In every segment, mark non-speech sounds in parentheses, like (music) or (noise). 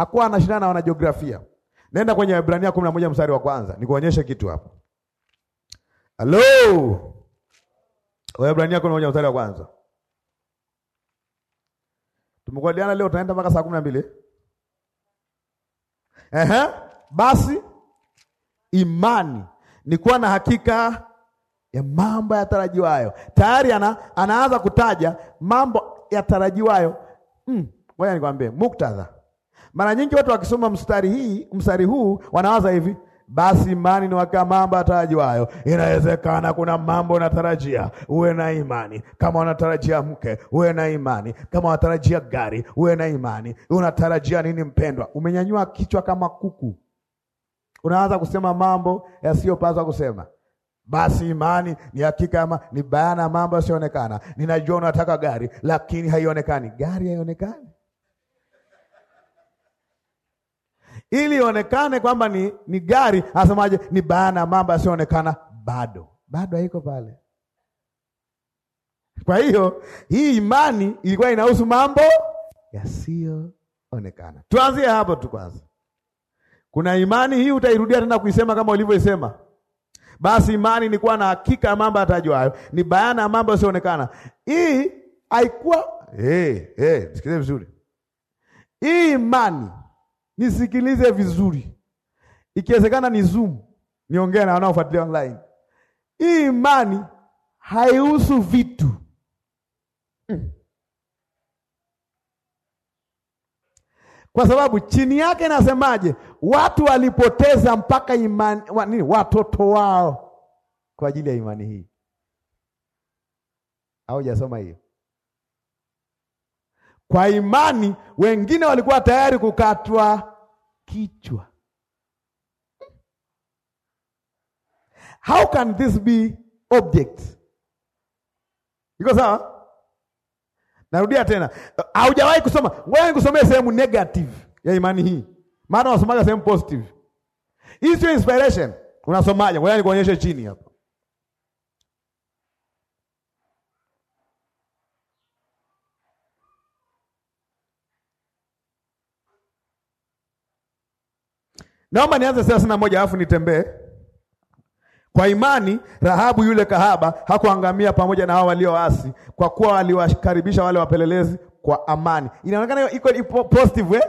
hakuwa anashindana na wanajiografia. Nenda kwenye Waebrania kumi na moja mstari wa kwanza nikuonyeshe kitu hapo. Halo, Waebrania kumi na moja mstari wa kwanza tumekubaliana leo tunaenda mpaka saa kumi na mbili. Ehe, basi imani ni kuwa na hakika ya mambo yatarajiwayo. Tayari ana, anaanza kutaja mambo yatarajiwayo. Mm, ngoja mm, nikwambie muktadha mara nyingi watu wakisoma mstari hii mstari huu wanawaza hivi basi imani ni waka mambo atarajiwayo. Inawezekana kuna mambo unatarajia, uwe na imani. Kama unatarajia mke, uwe na imani. Kama unatarajia gari, uwe na imani. Unatarajia nini, mpendwa? Umenyanyua kichwa kama kuku, unaanza kusema mambo yasiyopaswa kusema. Basi imani ni hakika ama ni bayana mambo yasiyoonekana. Ninajua unataka gari, lakini haionekani. Gari haionekani ili ionekane kwamba ni, ni gari. Asemaje? ni bayana ya mambo yasiyoonekana bado, bado haiko pale. Kwa hiyo hii imani ilikuwa inahusu mambo yasiyoonekana. Tuanzie hapo tu kwanza. Kuna imani hii, utairudia tena kuisema kama ulivyoisema. Basi imani ni kuwa na hakika ya mambo yatajwayo, ni bayana ya mambo yasiyoonekana. Hii haikuwa hey, eh, eh, hey, sikilize vizuri. Hii imani nisikilize vizuri, ikiwezekana ni Zoom, niongee na wanaofuatilia online. Hii imani haihusu vitu mm. Kwa sababu chini yake nasemaje? Watu walipoteza mpaka imani wa, nini, watoto wao kwa ajili ya imani hii. Au jasoma hiyo? Kwa imani wengine walikuwa tayari kukatwa kichwa. How can this be object? Iko sawa? Narudia tena. Haujawahi kusoma. Wewe nikusomee sehemu negative ya imani hii. Maana unasomaga sehemu positive. Hii sio inspiration. Unasomaje? Ngoja nikuonyeshe chini hapa. Naomba nianze thelathini na moja alafu nitembee. Kwa imani Rahabu yule kahaba hakuangamia pamoja na hao walioasi, kwa kuwa waliwakaribisha wale wapelelezi kwa amani. Inaonekana iko positive eh?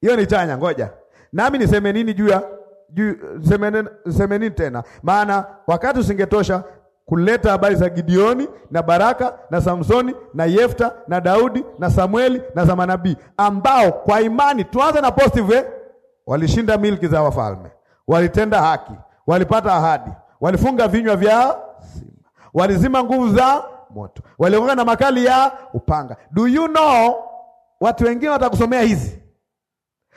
Hiyo ni chanya. Ngoja nami niseme nini juu ya juu, nini tena, maana wakati usingetosha kuleta habari za Gideoni na Baraka na Samsoni na Yefta na Daudi na Samueli na za manabii ambao kwa imani, tuanze na positive eh? walishinda milki za wafalme, walitenda haki, walipata ahadi, walifunga vinywa vya simba, walizima nguvu za moto, waliokoka na makali ya upanga. Do you know, watu wengine watakusomea hizi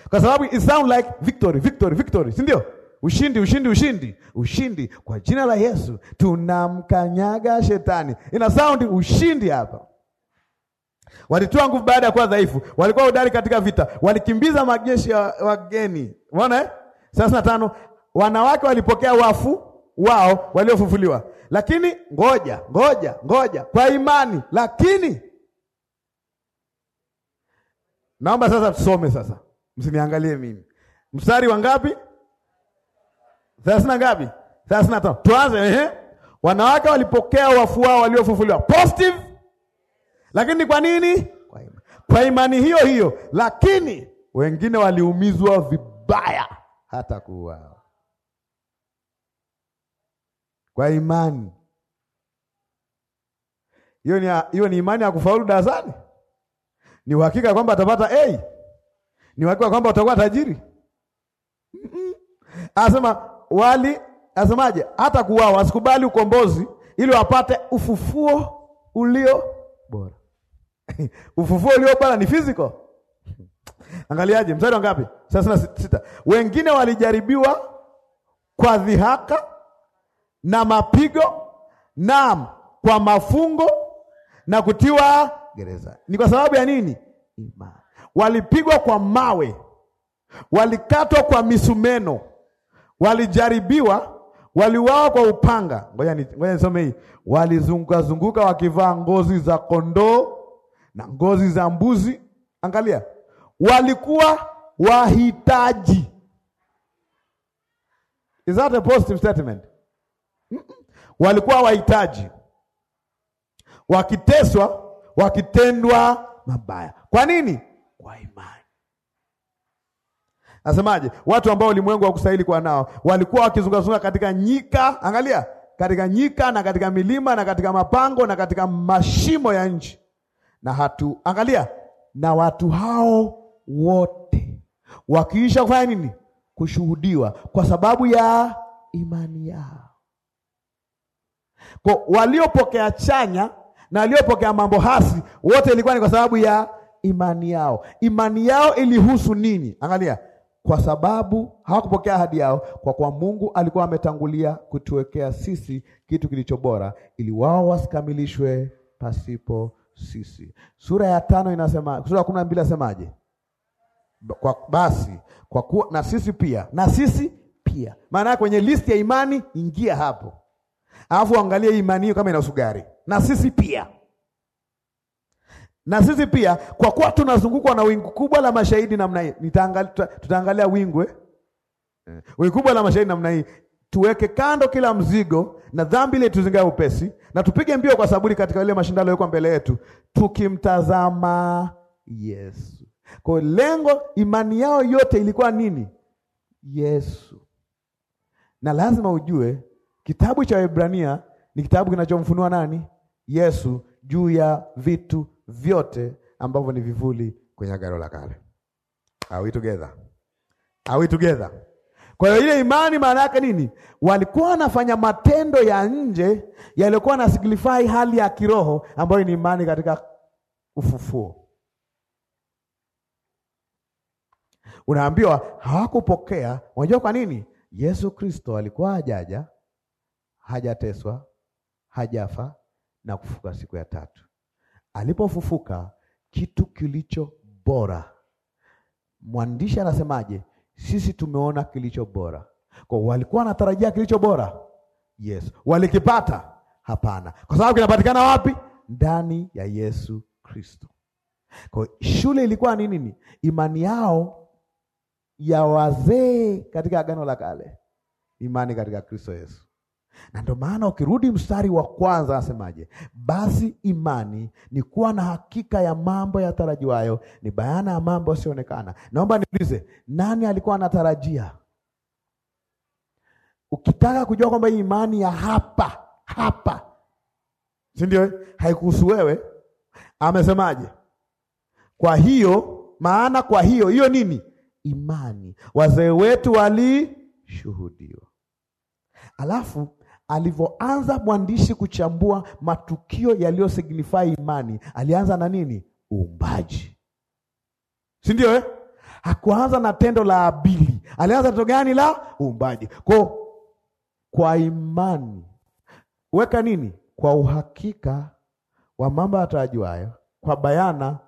kwa sababu it sound like victory, victory, victory, si ndio? Ushindi, ushindi, ushindi, ushindi kwa jina la Yesu tunamkanyaga shetani. Ina sound ushindi hapa. Walitoa nguvu baada ya kuwa dhaifu, walikuwa hodari katika vita, walikimbiza majeshi ya wageni. Umeona eh? na tano, wanawake walipokea wafu wao waliofufuliwa, lakini ngoja ngoja ngoja, kwa imani. Lakini naomba sasa tusome sasa, msiniangalie mimi. Mstari wa ngapi? thelathini na ngapi? thelathini na tano. Tuanze. Ehe, wanawake walipokea wafu wao waliofufuliwa, positive lakini kwa nini? Kwa imani, kwa imani hiyo hiyo, lakini wengine waliumizwa vibaya hata kuuawa. Kwa imani hiyo ni, hiyo ni imani ya kufaulu darasani? Ni uhakika kwamba atapata A? Ni uhakika kwamba utakuwa tajiri? asema wali, asemaje Hata kuwa wasikubali ukombozi, ili wapate ufufuo ulio bora. (laughs) ufufuo ulio bwana ni physical. Angaliaje mstari wa ngapi? Thelathini na sita. Wengine walijaribiwa kwa dhihaka na mapigo, na kwa mafungo na kutiwa gereza. Ni kwa sababu ya nini? Imani. Walipigwa kwa mawe, walikatwa kwa misumeno, walijaribiwa, waliuawa kwa upanga. Ngoja nisome hii, walizunguka zunguka wakivaa ngozi za kondoo na ngozi za mbuzi. Angalia, walikuwa wahitaji. Is that a positive statement? Mm -mm. Walikuwa wahitaji, wakiteswa, wakitendwa mabaya. Kwa nini? Kwa imani. Nasemaje? Watu ambao ulimwengu haukustahili kuwa nao walikuwa wakizungazunga katika nyika, angalia, katika nyika na katika milima na katika mapango na katika mashimo ya nchi na hatu angalia, na watu hao wote wakiisha kufanya nini? Kushuhudiwa kwa sababu ya imani yao. Kwa waliopokea chanya na waliopokea mambo hasi, wote ilikuwa ni kwa sababu ya imani yao. Imani yao ilihusu nini? Angalia, kwa sababu hawakupokea ahadi yao, kwa kuwa Mungu alikuwa ametangulia kutuwekea sisi kitu kilicho bora, ili wao wasikamilishwe pasipo sisi. Sura ya tano inasema, sura ya kumi na mbili inasemaje? Kwa, basi kwa kuwa na sisi pia na sisi pia, maana kwenye listi ya imani ingia hapo, alafu angalie imani hiyo kama ina sukari. Na sisi pia na sisi pia, kwa kuwa tunazungukwa na wingu kubwa la mashahidi namna hii. Tutaangalia wingu eh? eh, wingu kubwa la mashahidi namna hii, tuweke kando kila mzigo na dhambi ile tuzingae upesi, na tupige mbio kwa saburi katika ile mashindano yaliyokuwa mbele yetu, tukimtazama Yesu. Kwa lengo, imani yao yote ilikuwa nini? Yesu. Na lazima ujue kitabu cha Waebrania ni kitabu kinachomfunua nani? Yesu juu ya vitu vyote ambavyo ni vivuli kwenye agano la kale. Are we together? Are we together? Kwa hiyo ile imani maana yake nini? Walikuwa wanafanya matendo ya nje yaliyokuwa na signify hali ya kiroho ambayo ni imani katika ufufuo. Unaambiwa hawakupokea. Unajua kwa nini? Yesu Kristo alikuwa hajaja, hajateswa, hajafa na kufuka siku ya tatu. Alipofufuka, kitu kilicho bora, mwandishi anasemaje? Sisi tumeona kilicho bora. Kwa walikuwa wanatarajia kilicho bora? Yesu. Walikipata? Hapana, kwa sababu kinapatikana wapi? Ndani ya Yesu Kristo. Kwa shule ilikuwa ni nini? Imani yao ya wazee katika Agano la Kale, imani katika Kristo Yesu. Na ndio maana ukirudi mstari wa kwanza anasemaje? Basi imani ni kuwa na hakika ya mambo yatarajiwayo, ni bayana ya mambo yasiyoonekana. Naomba niulize, nani alikuwa anatarajia? Ukitaka kujua kwamba hii imani ya hapa hapa, si ndio? Haikuhusu wewe. Amesemaje? Kwa hiyo maana, kwa hiyo hiyo nini? Imani wazee wetu walishuhudiwa. Alafu alivyoanza mwandishi kuchambua matukio signify imani, alianza na nini? Uumbaji, si ndio eh? Hakuanza na tendo la Abili, alianza tendo gani la uumbaji? Kwa kwa imani weka nini, kwa uhakika wa mambo yatarajiwayo, kwa bayana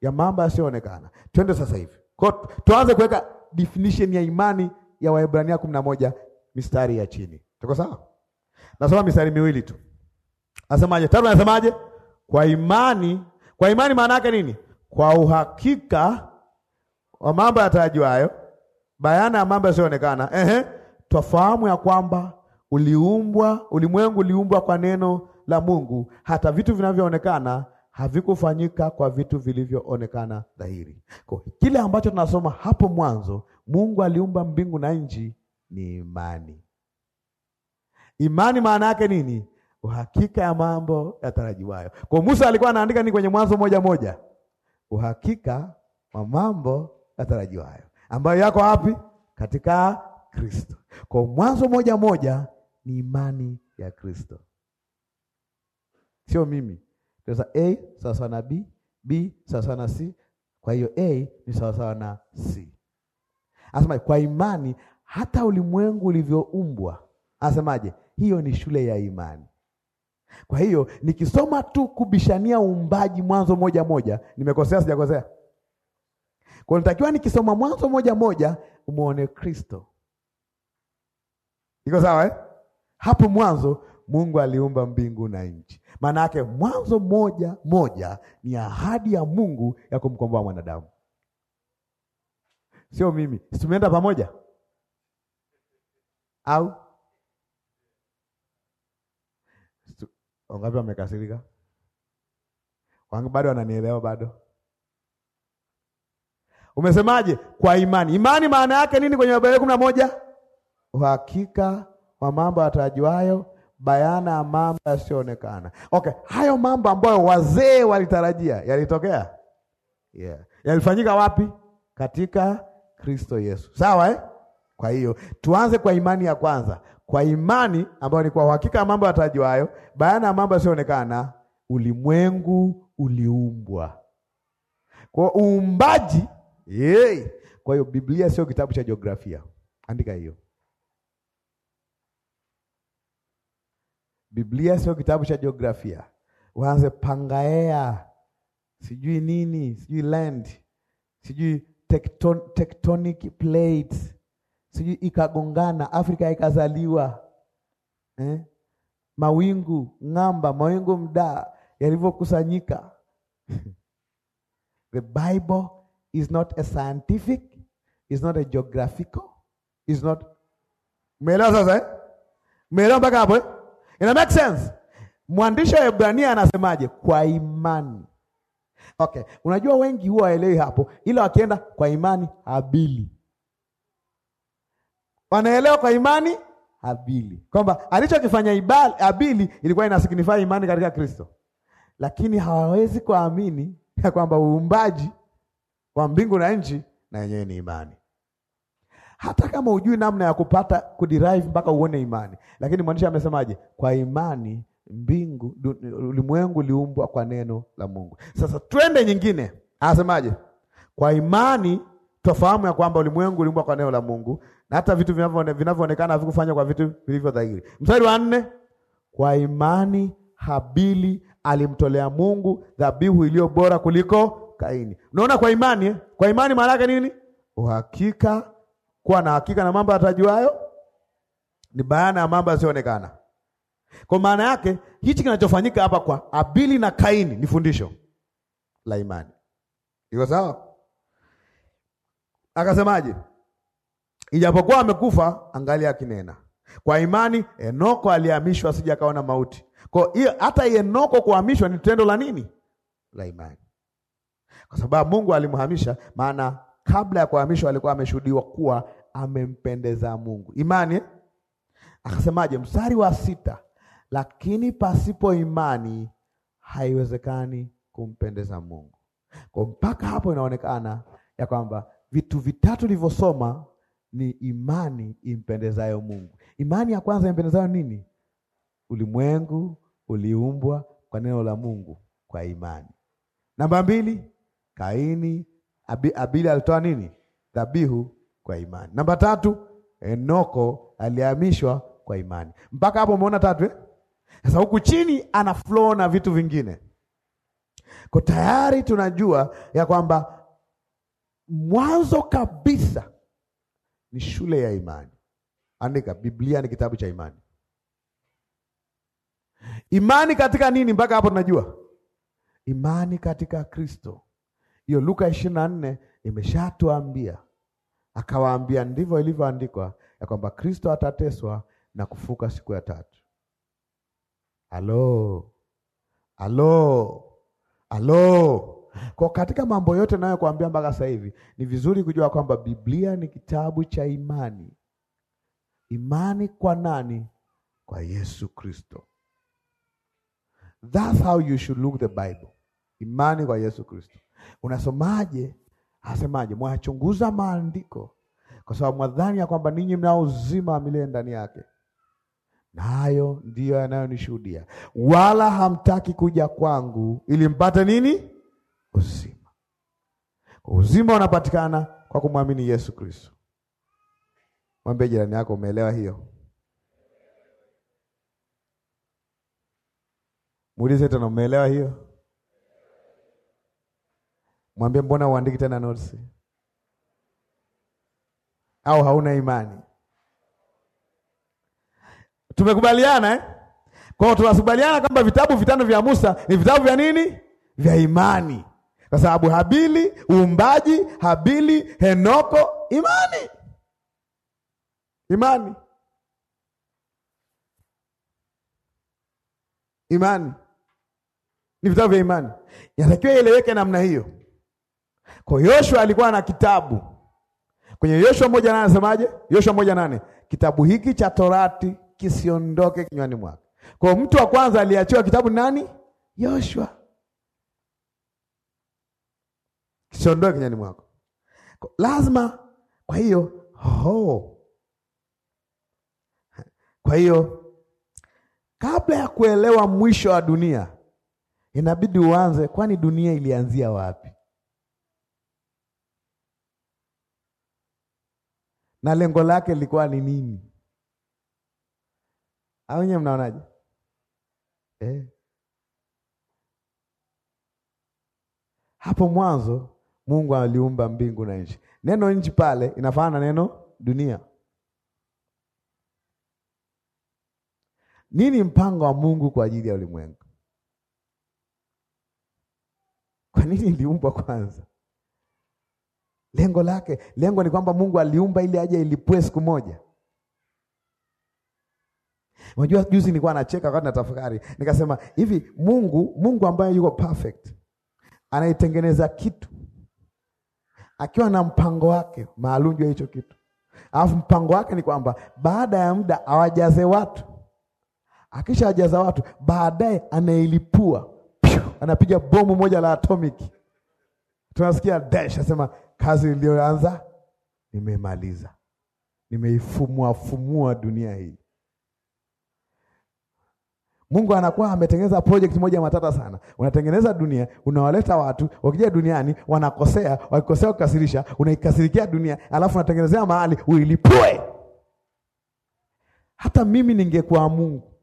ya mambo yasiyoonekana. Twende sasa hivi kwa tuanze kuweka definition ya imani ya Waebrania kumi na moja mistari ya chini, tuko sawa? Nasoma mistari miwili tu. Asemaje? Tatu anasemaje? Kwa imani, kwa imani maana yake nini? Kwa uhakika wa mambo yatarajiwayo, bayana ya mambo yasiyoonekana. Ehe, twafahamu ya kwamba uliumbwa, ulimwengu uliumbwa kwa neno la Mungu, hata vitu vinavyoonekana havikufanyika kwa vitu vilivyoonekana dhahiri. Kwa kile ambacho tunasoma hapo mwanzo, Mungu aliumba mbingu na nchi, ni imani. Imani maana yake nini? Uhakika ya mambo yatarajiwayo. Kwa Musa alikuwa anaandika ni kwenye Mwanzo moja moja, uhakika wa mambo yatarajiwayo ambayo yako wapi? Katika Kristo. Kwa Mwanzo moja moja ni imani ya Kristo, sio mimi. Sasa A sawasawa na B, B sawasawa na C. Kwa hiyo A ni sawasawa na C. Anasema kwa imani hata ulimwengu ulivyoumbwa, anasemaje? hiyo ni shule ya imani. Kwa hiyo nikisoma tu kubishania uumbaji Mwanzo moja moja, nimekosea? Sijakosea? Kwa nitakiwa nikisoma Mwanzo moja moja umuone Kristo. Iko sawa eh? Hapo mwanzo Mungu aliumba mbingu na nchi. Maana yake Mwanzo moja moja ni ahadi ya Mungu ya kumkomboa mwanadamu, sio mimi. Tumeenda pamoja au Wangapi wamekasirika? Wangapi bado wananielewa? Bado umesemaje? Kwa imani. Imani maana yake nini kwenye Waebrania kumi na moja? Uhakika wa mambo yatarajiwayo, bayana ya mambo yasiyoonekana. Okay, hayo mambo ambayo wazee walitarajia yalitokea, yeah. Yalifanyika wapi? Katika Kristo Yesu, sawa eh? Kwa hiyo tuanze kwa imani ya kwanza kwa imani ambayo ni kwa uhakika mambo yatajwayo, bayana ya mambo yasiyoonekana, ulimwengu uliumbwa. Kwa uumbaji hey. Eh, kwa hiyo Biblia sio kitabu cha jiografia, andika hiyo. Biblia sio kitabu cha jiografia, waanze pangaea sijui nini sijui land sijui tecton, tectonic plates sijui ikagongana, Afrika ikazaliwa eh? mawingu ng'amba, mawingu mdaa yalivyokusanyika. (laughs) The Bible is not a scientific, is not a geographical, is not. Umeelewa sasa eh? Umeelewa mpaka hapo eh? Ina make sense. Mwandishi wa Ibrania anasemaje? Kwa imani. Okay, unajua wengi huwa waelewi hapo, ila wakienda kwa imani Habili wanaelewa kwa imani Habili kwamba alichokifanya Habili ilikuwa inasignify imani katika Kristo, lakini hawawezi kuamini kwa ya kwamba uumbaji wa mbingu na nchi na yenyewe ni imani, hata kama ujui namna ya kupata kuderive mpaka uone imani. Lakini mwandishi amesemaje? Kwa imani mbingu ulimwengu liumbwa kwa neno la Mungu. Sasa twende nyingine, anasemaje? Kwa imani twafahamu ya kwamba ulimwengu uliumbwa kwa neno la Mungu na hata vitu vinavyoonekana havikufanywa kwa vitu vilivyo dhahiri. Mstari wa nne, kwa imani Habili alimtolea Mungu dhabihu iliyo bora kuliko Kaini. Unaona, kwa imani eh? Kwa imani maana yake nini? Uhakika, kuwa na hakika na mambo yatajuayo, ni bayana ya mambo yasiyoonekana. Kwa maana yake hichi kinachofanyika hapa kwa Habili na Kaini ni fundisho la imani. Iko sawa? Akasemaje? Ijapokuwa amekufa angalia akinena. Kwa imani Enoko alihamishwa asije akaona mauti. Kwa hiyo hata Enoko kuhamishwa ni tendo la nini? La imani. Kwa sababu Mungu alimhamisha, maana kabla ya kuhamishwa alikuwa ameshuhudiwa kuwa amempendeza Mungu. Imani eh? Akasemaje mstari wa sita, lakini pasipo imani haiwezekani kumpendeza Mungu. Kwa mpaka hapo inaonekana ya kwamba vitu vitatu vilivyosoma ni imani impendezayo Mungu. Imani ya kwanza impendezayo nini? Ulimwengu uliumbwa kwa neno la Mungu kwa imani. Namba mbili, Kaini Abi, Abili alitoa nini? Dhabihu kwa imani. Namba tatu, Enoko alihamishwa kwa imani. Mpaka hapo umeona tatu eh? Sasa huku chini ana flow na vitu vingine. Kwa tayari tunajua ya kwamba mwanzo kabisa ni shule ya imani. Andika, Biblia ni kitabu cha imani. Imani katika nini? Mpaka hapo tunajua imani katika Kristo. Hiyo Luka ishirini na nne imeshatuambia, akawaambia ndivyo ilivyoandikwa ya kwamba Kristo atateswa na kufuka siku ya tatu. Halo, halo, halo kwa katika mambo yote nayokuambia mpaka sasa hivi, ni vizuri kujua kwamba Biblia ni kitabu cha imani. Imani kwa nani? Kwa Yesu Kristo. That's how you should look the Bible. Imani kwa Yesu Kristo. Unasomaje? Asemaje? Mwachunguza maandiko kwa sababu mwadhani ya kwamba ninyi mnao uzima wa milele ndani yake, nayo ndiyo yanayonishuhudia, wala hamtaki kuja kwangu ili mpate nini? uzima. Uzima unapatikana kwa kumwamini Yesu Kristo. Mwambie jirani yako, umeelewa hiyo? Muulize tena, umeelewa hiyo? Mwambie, mbona uandiki tena notes? Au hauna imani? Tumekubaliana eh? Kwa hiyo tunakubaliana kwamba vitabu vitano vya Musa ni vitabu vya nini? Vya imani kwa sababu Habili, uumbaji, Habili, Henoko, imani, imani, imani ni vitabu vya imani, inatakiwa ieleweke namna hiyo. Kwa Yoshua alikuwa na kitabu kwenye Yoshua moja nane nasemaje? Yoshua moja nane kitabu hiki cha Torati kisiondoke kinywani mwake. Kwa mtu wa kwanza aliachiwa kitabu nani? Yoshua. kisiondoe kinywani mwako lazima. Kwa hiyo oh, kwa hiyo kabla ya kuelewa mwisho wa dunia inabidi uanze, kwani dunia ilianzia wapi na lengo lake lilikuwa ni nini? Au nyewe mnaonaje eh? Hapo mwanzo Mungu aliumba mbingu na nchi. Neno nchi pale inafanana na neno dunia. Nini mpango wa Mungu kwa ajili ya ulimwengu? Kwa nini iliumbwa kwanza? Lengo lake, lengo ni kwamba Mungu aliumba ili aje ilipue siku moja. Unajua, juzi nilikuwa nacheka wakati natafakari, nikasema hivi, Mungu Mungu ambaye yuko perfect anaitengeneza kitu akiwa na mpango wake maalum juu ya hicho kitu, alafu mpango wake ni kwamba baada ya muda awajaze watu, akishawajaza watu baadaye anailipua anapiga bomu moja la atomiki, tunasikia dash asema kazi iliyoanza nimemaliza, nimeifumuafumua dunia hii. Mungu anakuwa ametengeneza project moja matata sana. Unatengeneza dunia, unawaleta watu, wakija duniani wanakosea, wakikosea ukasirisha, unaikasirikia dunia, alafu unatengenezea mahali uilipue. Hata mimi ningekuwa Mungu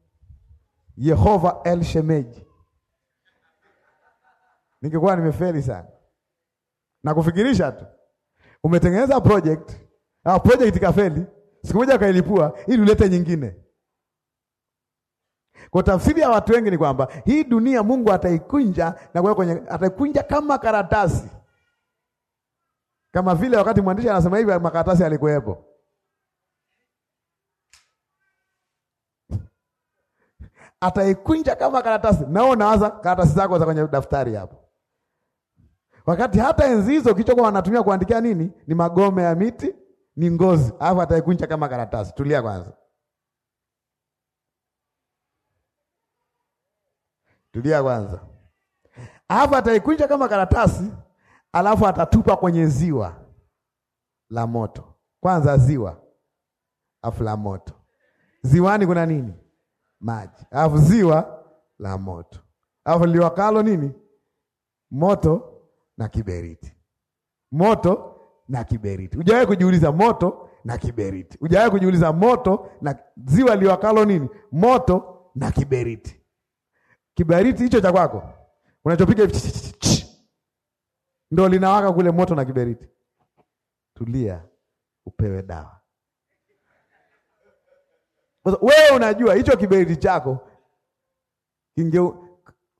Yehova El Shemeji, ningekuwa nimefeli sana na kufikirisha tu. Umetengeneza project au project ikafeli, siku moja ukailipua ili ulete nyingine kwa tafsiri ya watu wengi ni kwamba hii dunia Mungu ataikunja na kuweka kwenye, ataikunja kama karatasi, kama vile wakati mwandishi anasema hivi makaratasi alikuwepo. (laughs) Ataikunja kama karatasi. Nao nawaza karatasi zako za kwenye daftari hapo, wakati hata enzi hizo kichokuwa wanatumia kuandikia nini, ni magome ya miti, ni ngozi, alafu ataikunja kama karatasi. Tulia kwanza. Tulia kwanza. Hapa ataikunja kama karatasi, alafu atatupa kwenye ziwa la moto. Kwanza ziwa, alafu la moto. Ziwani kuna nini? Maji, alafu ziwa la moto, alafu liwakalo nini? Moto na kiberiti, moto na kiberiti. Hujawahi kujiuliza moto na kiberiti? Hujawahi kujiuliza moto na ziwa liwakalo nini? Moto na kiberiti Kibariti hicho cha kwako unachopiga ndio linawaka kule moto na kiberiti. Tulia upewe dawa. Wewe unajua hicho kiberiti chako kinge,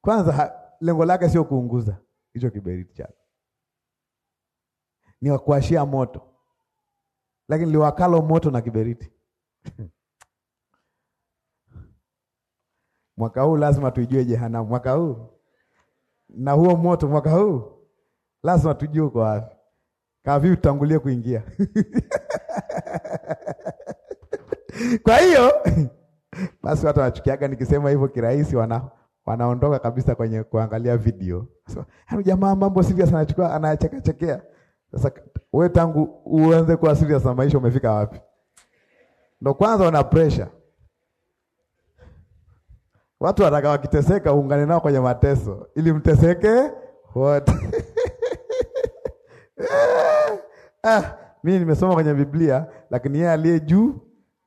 kwanza lengo lake sio kuunguza hicho kiberiti chako, ni kuashia moto, lakini liwakalo moto na kiberiti (laughs) Mwaka huu lazima tuijue jehanamu mwaka huu, na huo moto mwaka huu lazima tujue uko wapi, kama vipi tutangulie kuingia (laughs) kwa hiyo basi watu wanachukiaga nikisema hivyo kirahisi, wana wanaondoka kabisa kwenye kuangalia video. Sasa yaani jamaa mambo serious anachukua anacheka chekea. Sasa wewe tangu uanze kuwa serious na maisha umefika wapi? Ndio kwanza una pressure. Watu wataka wakiteseka uungane nao kwenye mateso ili mteseke wote. (laughs) Eh, ah, mimi nimesoma kwenye Biblia lakini yeye aliye juu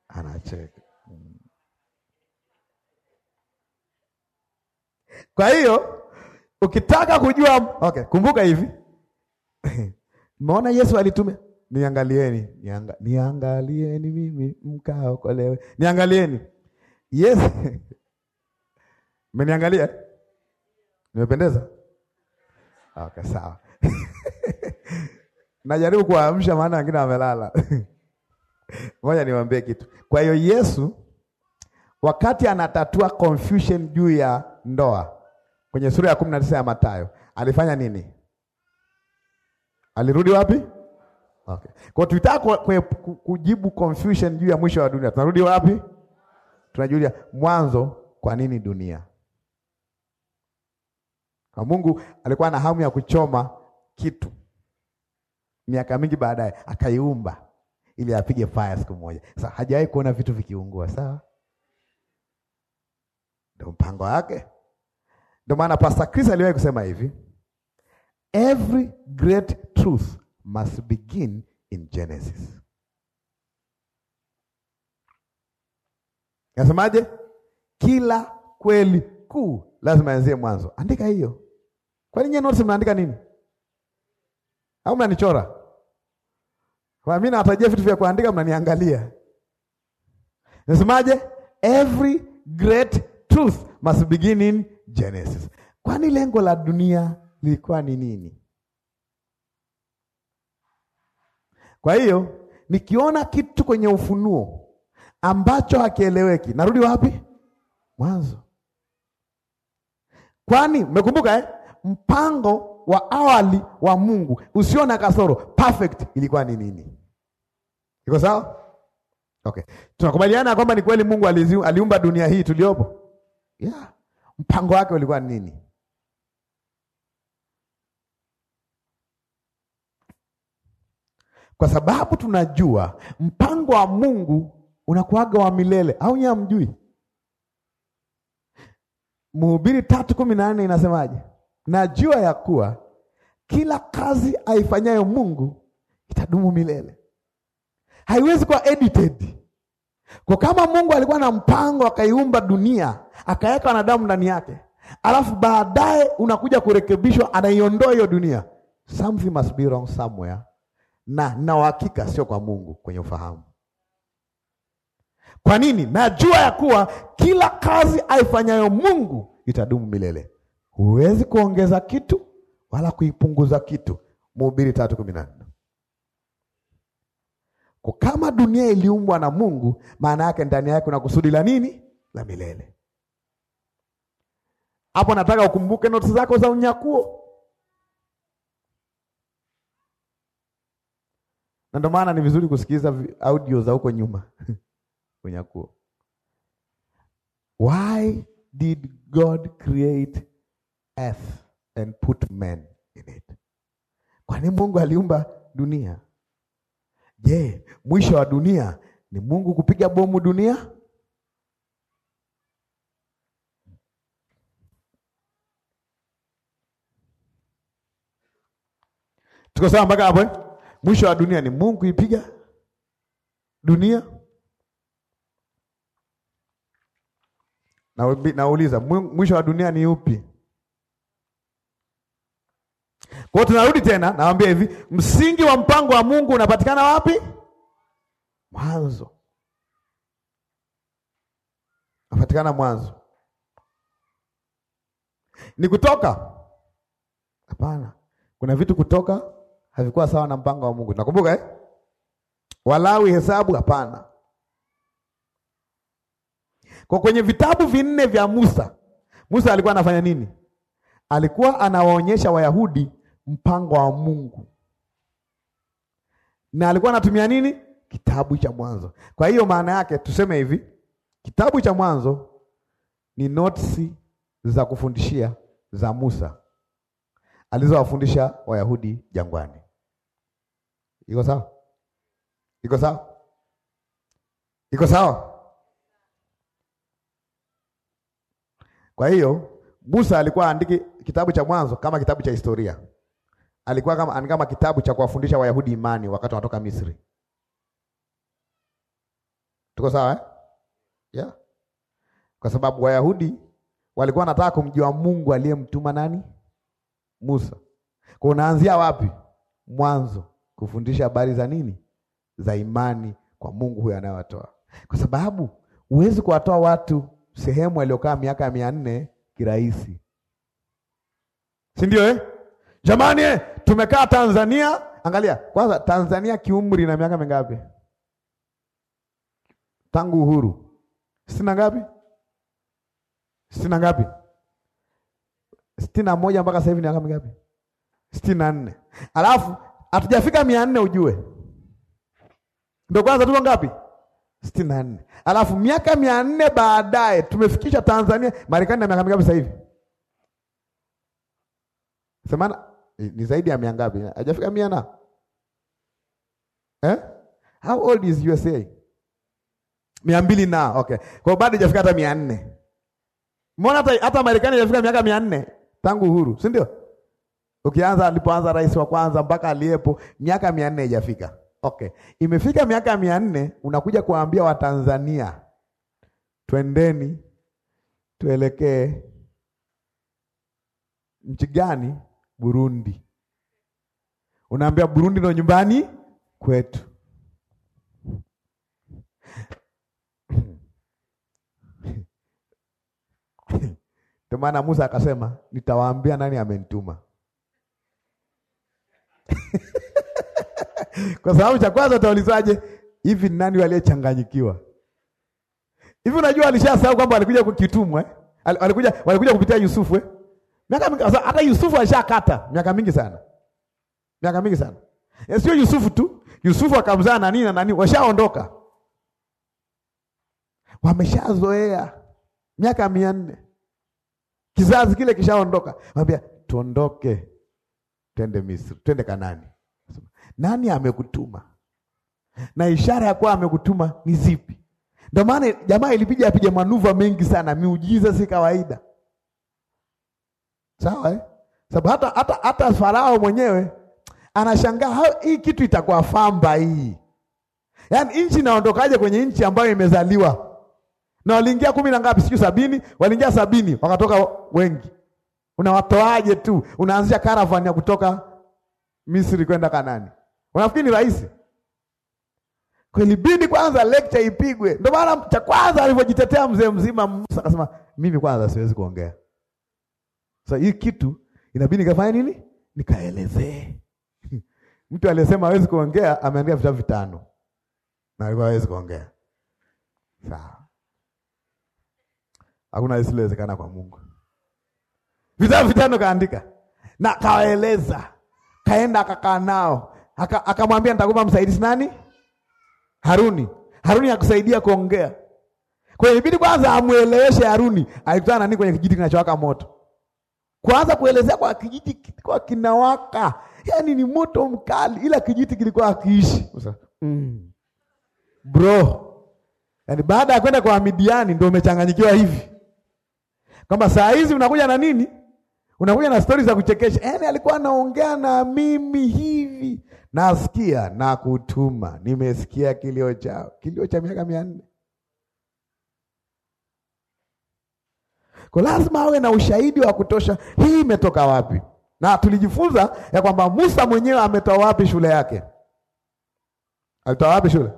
anacheka. Kwa hiyo ukitaka kujua, okay, kumbuka hivi (laughs) Mbona Yesu alitume, niangalieni nianga, niangalieni mimi mkaokolewe, niangalieni Yesu (laughs) Mmeniangalia? Nimependeza? Okay, sawa. (laughs) Najaribu kuwaamsha maana wengine wamelala. (laughs) Ngoja niwaambie kitu. Kwa hiyo Yesu wakati anatatua confusion juu ya ndoa kwenye sura ya 19 ya Mathayo, alifanya nini? Alirudi wapi? Okay. Kwa tutaka kujibu confusion juu ya mwisho wa dunia. Tunarudi wapi? Tunajulia mwanzo kwa nini dunia? Na Mungu alikuwa na hamu ya kuchoma kitu miaka mingi baadaye, akaiumba ili apige fire siku moja. Sasa hajawahi kuona vitu vikiungua, sawa? Ndio mpango wake. Ndio maana Pastor Chris aliwahi kusema hivi, every great truth must begin in Genesis. Nasemaje? Kila kweli kuu lazima anzie mwanzo. Andika hiyo. Kwani nini notes mnaandika nini? Au mnanichora? Kwa mimi nawatajia vitu vya kuandika mnaniangalia. Nasemaje? Every great truth must begin in Genesis. Kwani lengo la dunia lilikuwa ni nini? Kwa hiyo nikiona kitu kwenye Ufunuo ambacho hakieleweki, narudi wapi? Mwanzo. Kwani mmekumbuka eh? mpango wa awali wa Mungu usio na kasoro perfect ilikuwa ni nini? Iko sawa? Okay. Tunakubaliana kwamba ni kweli Mungu aliumba dunia hii tuliopo? Yeah. Mpango wake ulikuwa ni nini? Kwa sababu tunajua mpango wa Mungu unakuwaga wa milele, au nyamjui Mhubiri tatu kumi na nne inasemaje? najua ya kuwa kila kazi aifanyayo Mungu itadumu milele, haiwezi kuwa edited. Kwa kama Mungu alikuwa na mpango akaiumba dunia akaweka wanadamu ndani yake, alafu baadaye unakuja kurekebishwa, anaiondoa hiyo dunia, something must be wrong somewhere, na na uhakika sio kwa Mungu kwenye ufahamu. Kwa nini? Najua ya kuwa kila kazi aifanyayo Mungu itadumu milele. Huwezi kuongeza kitu wala kuipunguza kitu. Mhubiri tatu kumi na nne. Kwa kama dunia iliumbwa na Mungu, maana yake ndani yake kuna kusudi la nini? La milele. Hapo nataka ukumbuke noti zako za unyakuo, na ndio maana ni vizuri kusikiliza audio za huko nyuma (laughs) unyakuo. Why did God create earth and put men in it. Kwa nini Mungu aliumba dunia? Je, mwisho wa dunia ni Mungu kupiga bomu dunia? Tuko sawa mpaka hapo? Eh? Mwisho wa dunia ni Mungu kuipiga dunia? nauliza mwisho wa dunia ni upi? Kwa tunarudi tena, nawaambia hivi, msingi wa mpango wa Mungu unapatikana wapi? Mwanzo. Unapatikana mwanzo. Ni kutoka? Hapana. Kuna vitu kutoka havikuwa sawa na mpango wa Mungu. Tunakumbuka eh? Walawi, Hesabu, hapana. Kwa kwenye vitabu vinne vya Musa, Musa alikuwa anafanya nini? Alikuwa anawaonyesha Wayahudi mpango wa Mungu, na alikuwa anatumia nini? Kitabu cha Mwanzo. Kwa hiyo maana yake tuseme hivi, kitabu cha Mwanzo ni notisi za kufundishia za Musa alizowafundisha Wayahudi jangwani. Iko sawa? Iko sawa? Iko sawa? Kwa hiyo Musa alikuwa aandiki kitabu cha Mwanzo kama kitabu cha historia alikuwa kama, kama kitabu cha kuwafundisha Wayahudi imani wakati wanatoka Misri. Tuko sawa eh? Yeah. Kwa sababu Wayahudi walikuwa wanataka kumjua Mungu aliyemtuma nani? Musa. Kwa unaanzia wapi? Mwanzo, kufundisha habari za nini? Za imani kwa Mungu huyo anayewatoa, kwa sababu huwezi kuwatoa watu sehemu waliokaa miaka mia nne kirahisi, si ndio eh? Jamani, tumekaa Tanzania, angalia kwanza Tanzania kiumri na miaka mingapi tangu uhuru? sitini na ngapi? sitini na ngapi? sitini na moja mpaka sasa hivi miaka mingapi? sitini na nne alafu hatujafika mia nne ujue, ndio kwanza tuko ngapi? sitini na nne alafu miaka mia nne baadaye tumefikisha Tanzania Marekani na miaka mingapi sasa hivi? semana ni zaidi ya mia ngapi? Hajafika mia na eh? How old is USA? mia mbili na okay. Kwa bado hajafika hata mia nne. Mbona hata hata Marekani hajafika miaka mia nne tangu uhuru, si ndio? Ukianza alipoanza rais wa kwanza mpaka aliyepo miaka mia nne haijafika. Okay. Imefika miaka mia nne unakuja kuwaambia Watanzania twendeni tuelekee nchi gani Burundi, unaambia Burundi ndio nyumbani kwetu. Ndio maana Musa akasema nitawaambia nani amenituma. (laughs) Kwa sababu cha kwanza utaulizaje, hivi ni nani waliyechanganyikiwa? Hivi unajua alishasahau kwamba walikuja kukitumwa eh? Alikuja walikuja kupitia Yusufu eh? Miaka mingi hata Yusufu alishakata miaka mingi sana. Miaka mingi sana. Eh, sio Yusufu tu. Yusufu akamzaa na nini na nani, washaondoka. Wameshazoea miaka mia nne. Kizazi kile kishaondoka. Anambia tuondoke twende Misri, twende Kanani. Nani amekutuma? Na ishara ya kuwa amekutuma ni zipi? Ndio maana jamaa ilipija apige manuva mengi sana, miujiza si kawaida. Sawa eh? Sababu hata, hata, hata Farao mwenyewe anashangaa hii kitu itakuwa famba hii. Yaani nchi inaondokaje kwenye nchi ambayo imezaliwa? Na waliingia kumi na ngapi? Sijui sabini, waliingia sabini wakatoka wengi. Unawatoaje tu? Unaanzisha caravan ya kutoka Misri kwenda Kanani. Unafikiri ni rahisi? Kweli bidi kwanza lecture ipigwe. Ndio maana cha kwanza alivyojitetea mzee mzima Musa akasema, mimi kwanza siwezi kuongea. Sasa hii kitu inabidi nikafanya nini? Nikaelezee. (laughs) Mtu aliyesema hawezi kuongea ameandika vitabu vitano na alikuwa hawezi kuongea. Sawa, hakuna lisilowezekana kwa Mungu. Vitabu vitano kaandika na kawaeleza, kaenda akakaa nao, akamwambia aka nitakupa msaidizi nani? Haruni. Haruni akusaidia kuongea. Kwa hiyo ibidi kwanza amueleweshe Haruni alikutana nani kwenye kijiti kinachowaka moto kwanza kuelezea kwa kijiti kilikuwa kinawaka, yaani ni moto mkali, ila kijiti kilikuwa akiishi. Mm. Bro, yaani baada ya kwenda kwa Midiani ndio umechanganyikiwa hivi kwamba saa hizi unakuja na nini? Unakuja na stori za kuchekesha. Yaani alikuwa anaongea na mimi hivi, nasikia na kutuma, nimesikia kilio chao, kilio cha miaka mia nne Kwa lazima awe na ushahidi wa kutosha, hii imetoka wapi? Na tulijifunza ya kwamba Musa mwenyewe ametoa wapi shule yake? Alitoa wapi shule?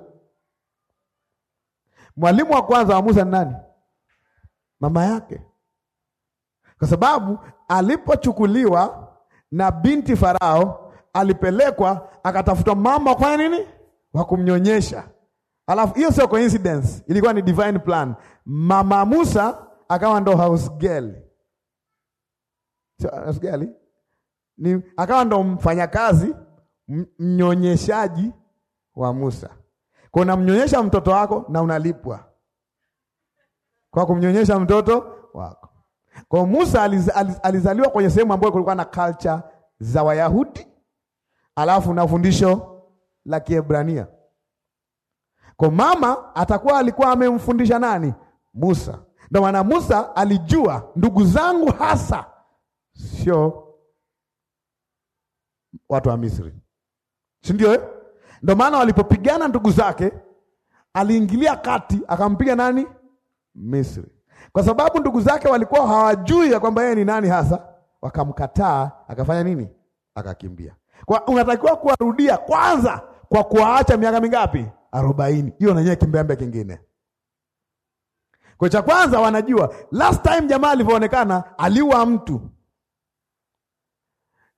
Mwalimu wa kwanza wa Musa ni nani? Mama yake, kwa sababu alipochukuliwa na binti Farao alipelekwa akatafuta mama wa kufanya nini? Wa kumnyonyesha. Alafu hiyo sio coincidence, ilikuwa ni divine plan. Mama Musa akawa ndo house girl. House girl ni akawa ndo mfanyakazi mnyonyeshaji wa Musa. Kwa unamnyonyesha mtoto wako na unalipwa kwa kumnyonyesha mtoto wako. Kwa Musa aliz, aliz, alizaliwa kwenye sehemu ambayo kulikuwa na culture za Wayahudi alafu na fundisho la Kiebrania. Kwa mama atakuwa alikuwa amemfundisha nani? Musa. Ndio maana Musa alijua ndugu zangu hasa sio watu wa Misri, si ndio eh? Ndio maana walipopigana ndugu zake aliingilia kati akampiga nani? Misri, kwa sababu ndugu zake walikuwa hawajui ya kwamba yeye ni nani hasa, wakamkataa. Akafanya nini? Akakimbia. Kwa unatakiwa kuwarudia kwanza kwa kuwaacha miaka mingapi? Arobaini. Hiyo nanyewe kimbembe kingine kwa cha kwanza wanajua last time jamaa alivyoonekana aliua mtu.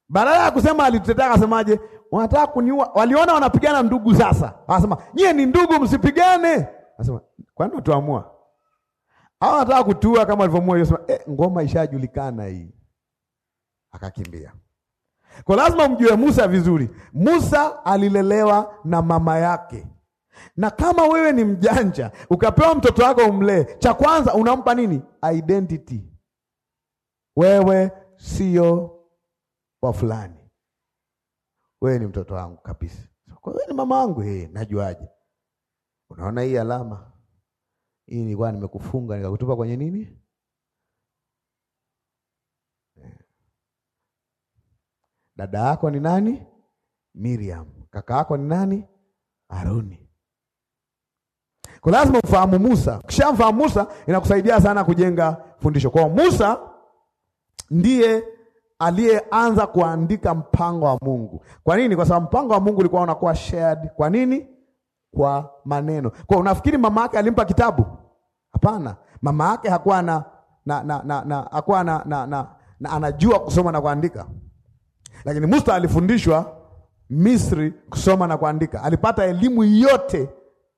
Badala ya kusema alitetea akasemaje? Wanataka kuniua. Waliona wanapigana ndugu sasa. Akasema, "Nyie ni ndugu msipigane." Akasema, "Kwa nini tuamua?" Au anataka kutua kama alivyomua Yesu. Eh, ngoma ishajulikana hii. Akakimbia. Kwa lazima mjue Musa vizuri. Musa alilelewa na mama yake. Na kama wewe ni mjanja ukapewa mtoto wako umlee, cha kwanza unampa nini? Identity. Wewe sio wa fulani, wewe ni mtoto wangu kabisa. Kwa hiyo ni mama wangu, eh, najuaje? Unaona hii alama hii, nilikuwa nimekufunga nikakutupa kwenye nini, dada yako ni nani? Miriam. Kaka yako ni nani? Aroni. Kwa lazima ufahamu Musa. Ukishamfahamu Musa inakusaidia sana kujenga fundisho. Kwa Musa ndiye aliyeanza kuandika mpango wa Mungu. Kwa nini? Kwa sababu mpango wa Mungu ulikuwa unakuwa shared. Kwa nini? Kwa maneno. Kwa unafikiri mama yake alimpa kitabu? Hapana, mama yake hakuwa na na na na, na hakuwa na, na, na, na anajua kusoma na kuandika, lakini Musa alifundishwa Misri kusoma na kuandika, alipata elimu yote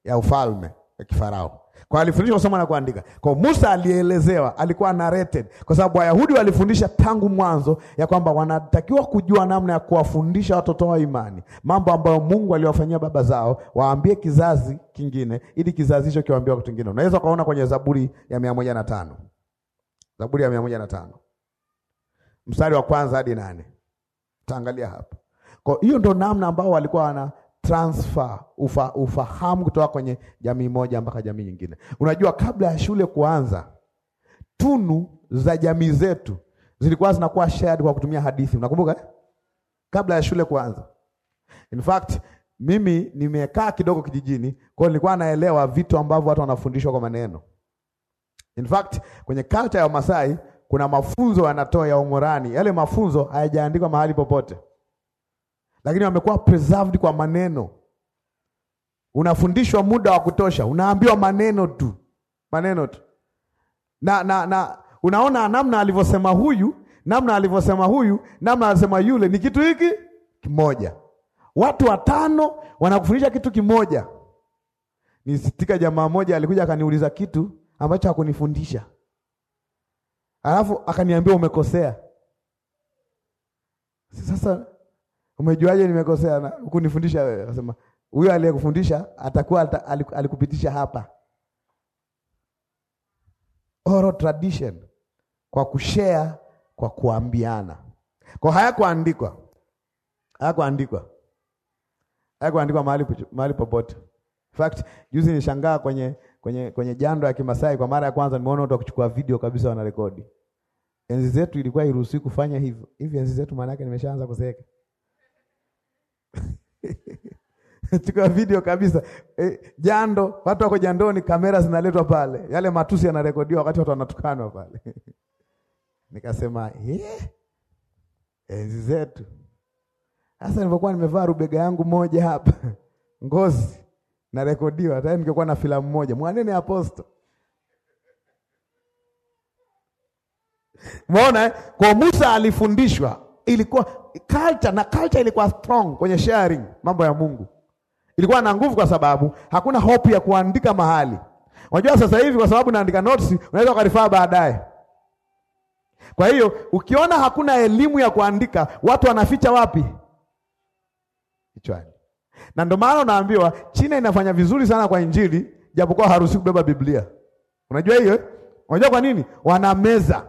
ya ufalme ya Kifarao. Kwa alifundishwa kusoma na kuandika. Kwa Musa alielezewa, alikuwa narrated kwa sababu Wayahudi walifundisha tangu mwanzo ya kwamba wanatakiwa kujua namna ya kuwafundisha watoto wa imani mambo ambayo Mungu aliwafanyia baba zao, waambie kizazi kingine ili kizazi hicho kiwaambie watu wengine. Unaweza ukaona kwenye Zaburi ya mia moja na tano. Zaburi ya mia moja na tano mstari wa kwanza hadi nane. Taangalia hapo. Kwa hiyo ndo namna ambao walikuwa wana transfer ufa, ufahamu kutoka kwenye jamii moja mpaka jamii nyingine. Unajua, kabla ya shule kuanza, tunu za jamii zetu zilikuwa zinakuwa shared kwa kutumia hadithi. Unakumbuka eh? Kabla ya shule kuanza. In fact, mimi nimekaa kidogo kijijini, kwa hiyo nilikuwa naelewa vitu ambavyo watu wanafundishwa kwa maneno. In fact, kwenye culture ya Wamasai kuna mafunzo yanatoa ya umorani. Yale mafunzo hayajaandikwa mahali popote lakini wamekuwa preserved kwa maneno. Unafundishwa muda wa kutosha, unaambiwa maneno tu, maneno tu na, na, na unaona namna alivyosema huyu, namna alivyosema huyu, namna alisema yule, ni kitu hiki kimoja. Watu watano wanakufundisha kitu kimoja. Nisitika jamaa moja alikuja akaniuliza kitu ambacho hakunifundisha, alafu akaniambia umekosea. Sasa Umejuaje nimekosea na kunifundisha wewe? Anasema huyo aliyekufundisha atakuwa alikupitisha hapa. Oral tradition kwa kushare, kwa kuambiana. Kwa haya kuandikwa. Haya kuandikwa. Haya kuandikwa mahali mahali popote. In fact, juzi nishangaa kwenye kwenye kwenye jando ya Kimasai kwa mara ya kwanza nimeona watu wakichukua video kabisa wanarekodi. Enzi zetu ilikuwa iruhusi kufanya hivyo. Hivi enzi zetu maana yake nimeshaanza kuzeeka. (laughs) Chukua video kabisa e, jando, watu wako jandoni, kamera zinaletwa pale, yale matusi yanarekodiwa wakati watu wanatukanwa pale (laughs) nikasema yeah. enzi zetu. Sasa nilipokuwa nimevaa rubega yangu moja hapa (laughs) ngozi narekodiwa, tayari ningekuwa na filamu moja, mwanene aposto mwona eh? Kwa Musa alifundishwa ilikuwa culture, na culture ilikuwa strong kwenye sharing mambo ya Mungu, ilikuwa na nguvu, kwa sababu hakuna hope ya kuandika mahali. Unajua sasa hivi kwa sababu naandika notes, unaweza ukarifaa baadaye. Kwa hiyo ukiona hakuna elimu ya kuandika, watu wanaficha wapi? Kichwani. Na ndio maana unaambiwa China inafanya vizuri sana kwa Injili, japokuwa haruhusi kubeba Biblia. Unajua hiyo? Unajua kwa nini? Wana meza.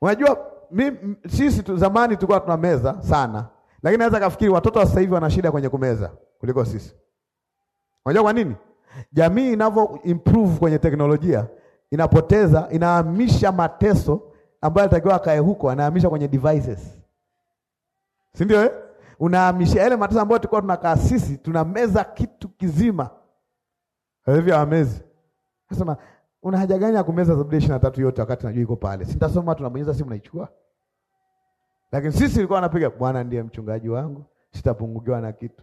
Unajua mimi, sisi tu zamani tulikuwa tuna meza sana, lakini naweza kafikiri watoto wa sasa hivi wana shida kwenye kumeza kuliko sisi. Unajua kwa nini? Jamii inavyo improve kwenye teknolojia inapoteza, inahamisha mateso ambayo alitakiwa akae huko, anahamisha kwenye devices, si ndio eh? Unahamisha yale mateso ambayo tulikuwa tunakaa sisi, tunameza kitu kizima, hivyo amezi sasa Una haja gani ya kumeza Zaburi ishirini na tatu yote wakati najua iko pale? Sitasoma, tunabonyeza simu naichukua. Lakini sisi ilikuwa anapiga Bwana ndiye mchungaji wangu, sitapungukiwa na kitu.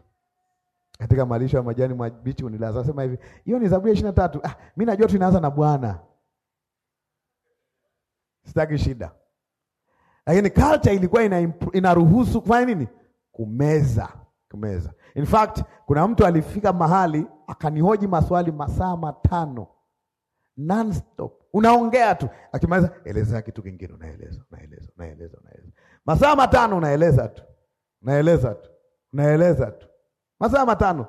Katika malisho ya majani mabichi unilaza. Sema hivi, hiyo ni Zaburi ishirini na tatu. Ah, mimi najua tu inaanza na Bwana. Sitaki shida. Lakini culture ilikuwa ina inaruhusu kufanya nini? Kumeza, kumeza. In fact, kuna mtu alifika mahali akanihoji maswali masaa matano nonstop, unaongea tu, akimaliza elezea kitu kingine, unaeleza unaeleza unaeleza unaeleza, masaa matano unaeleza tu unaeleza tu unaeleza tu, masaa matano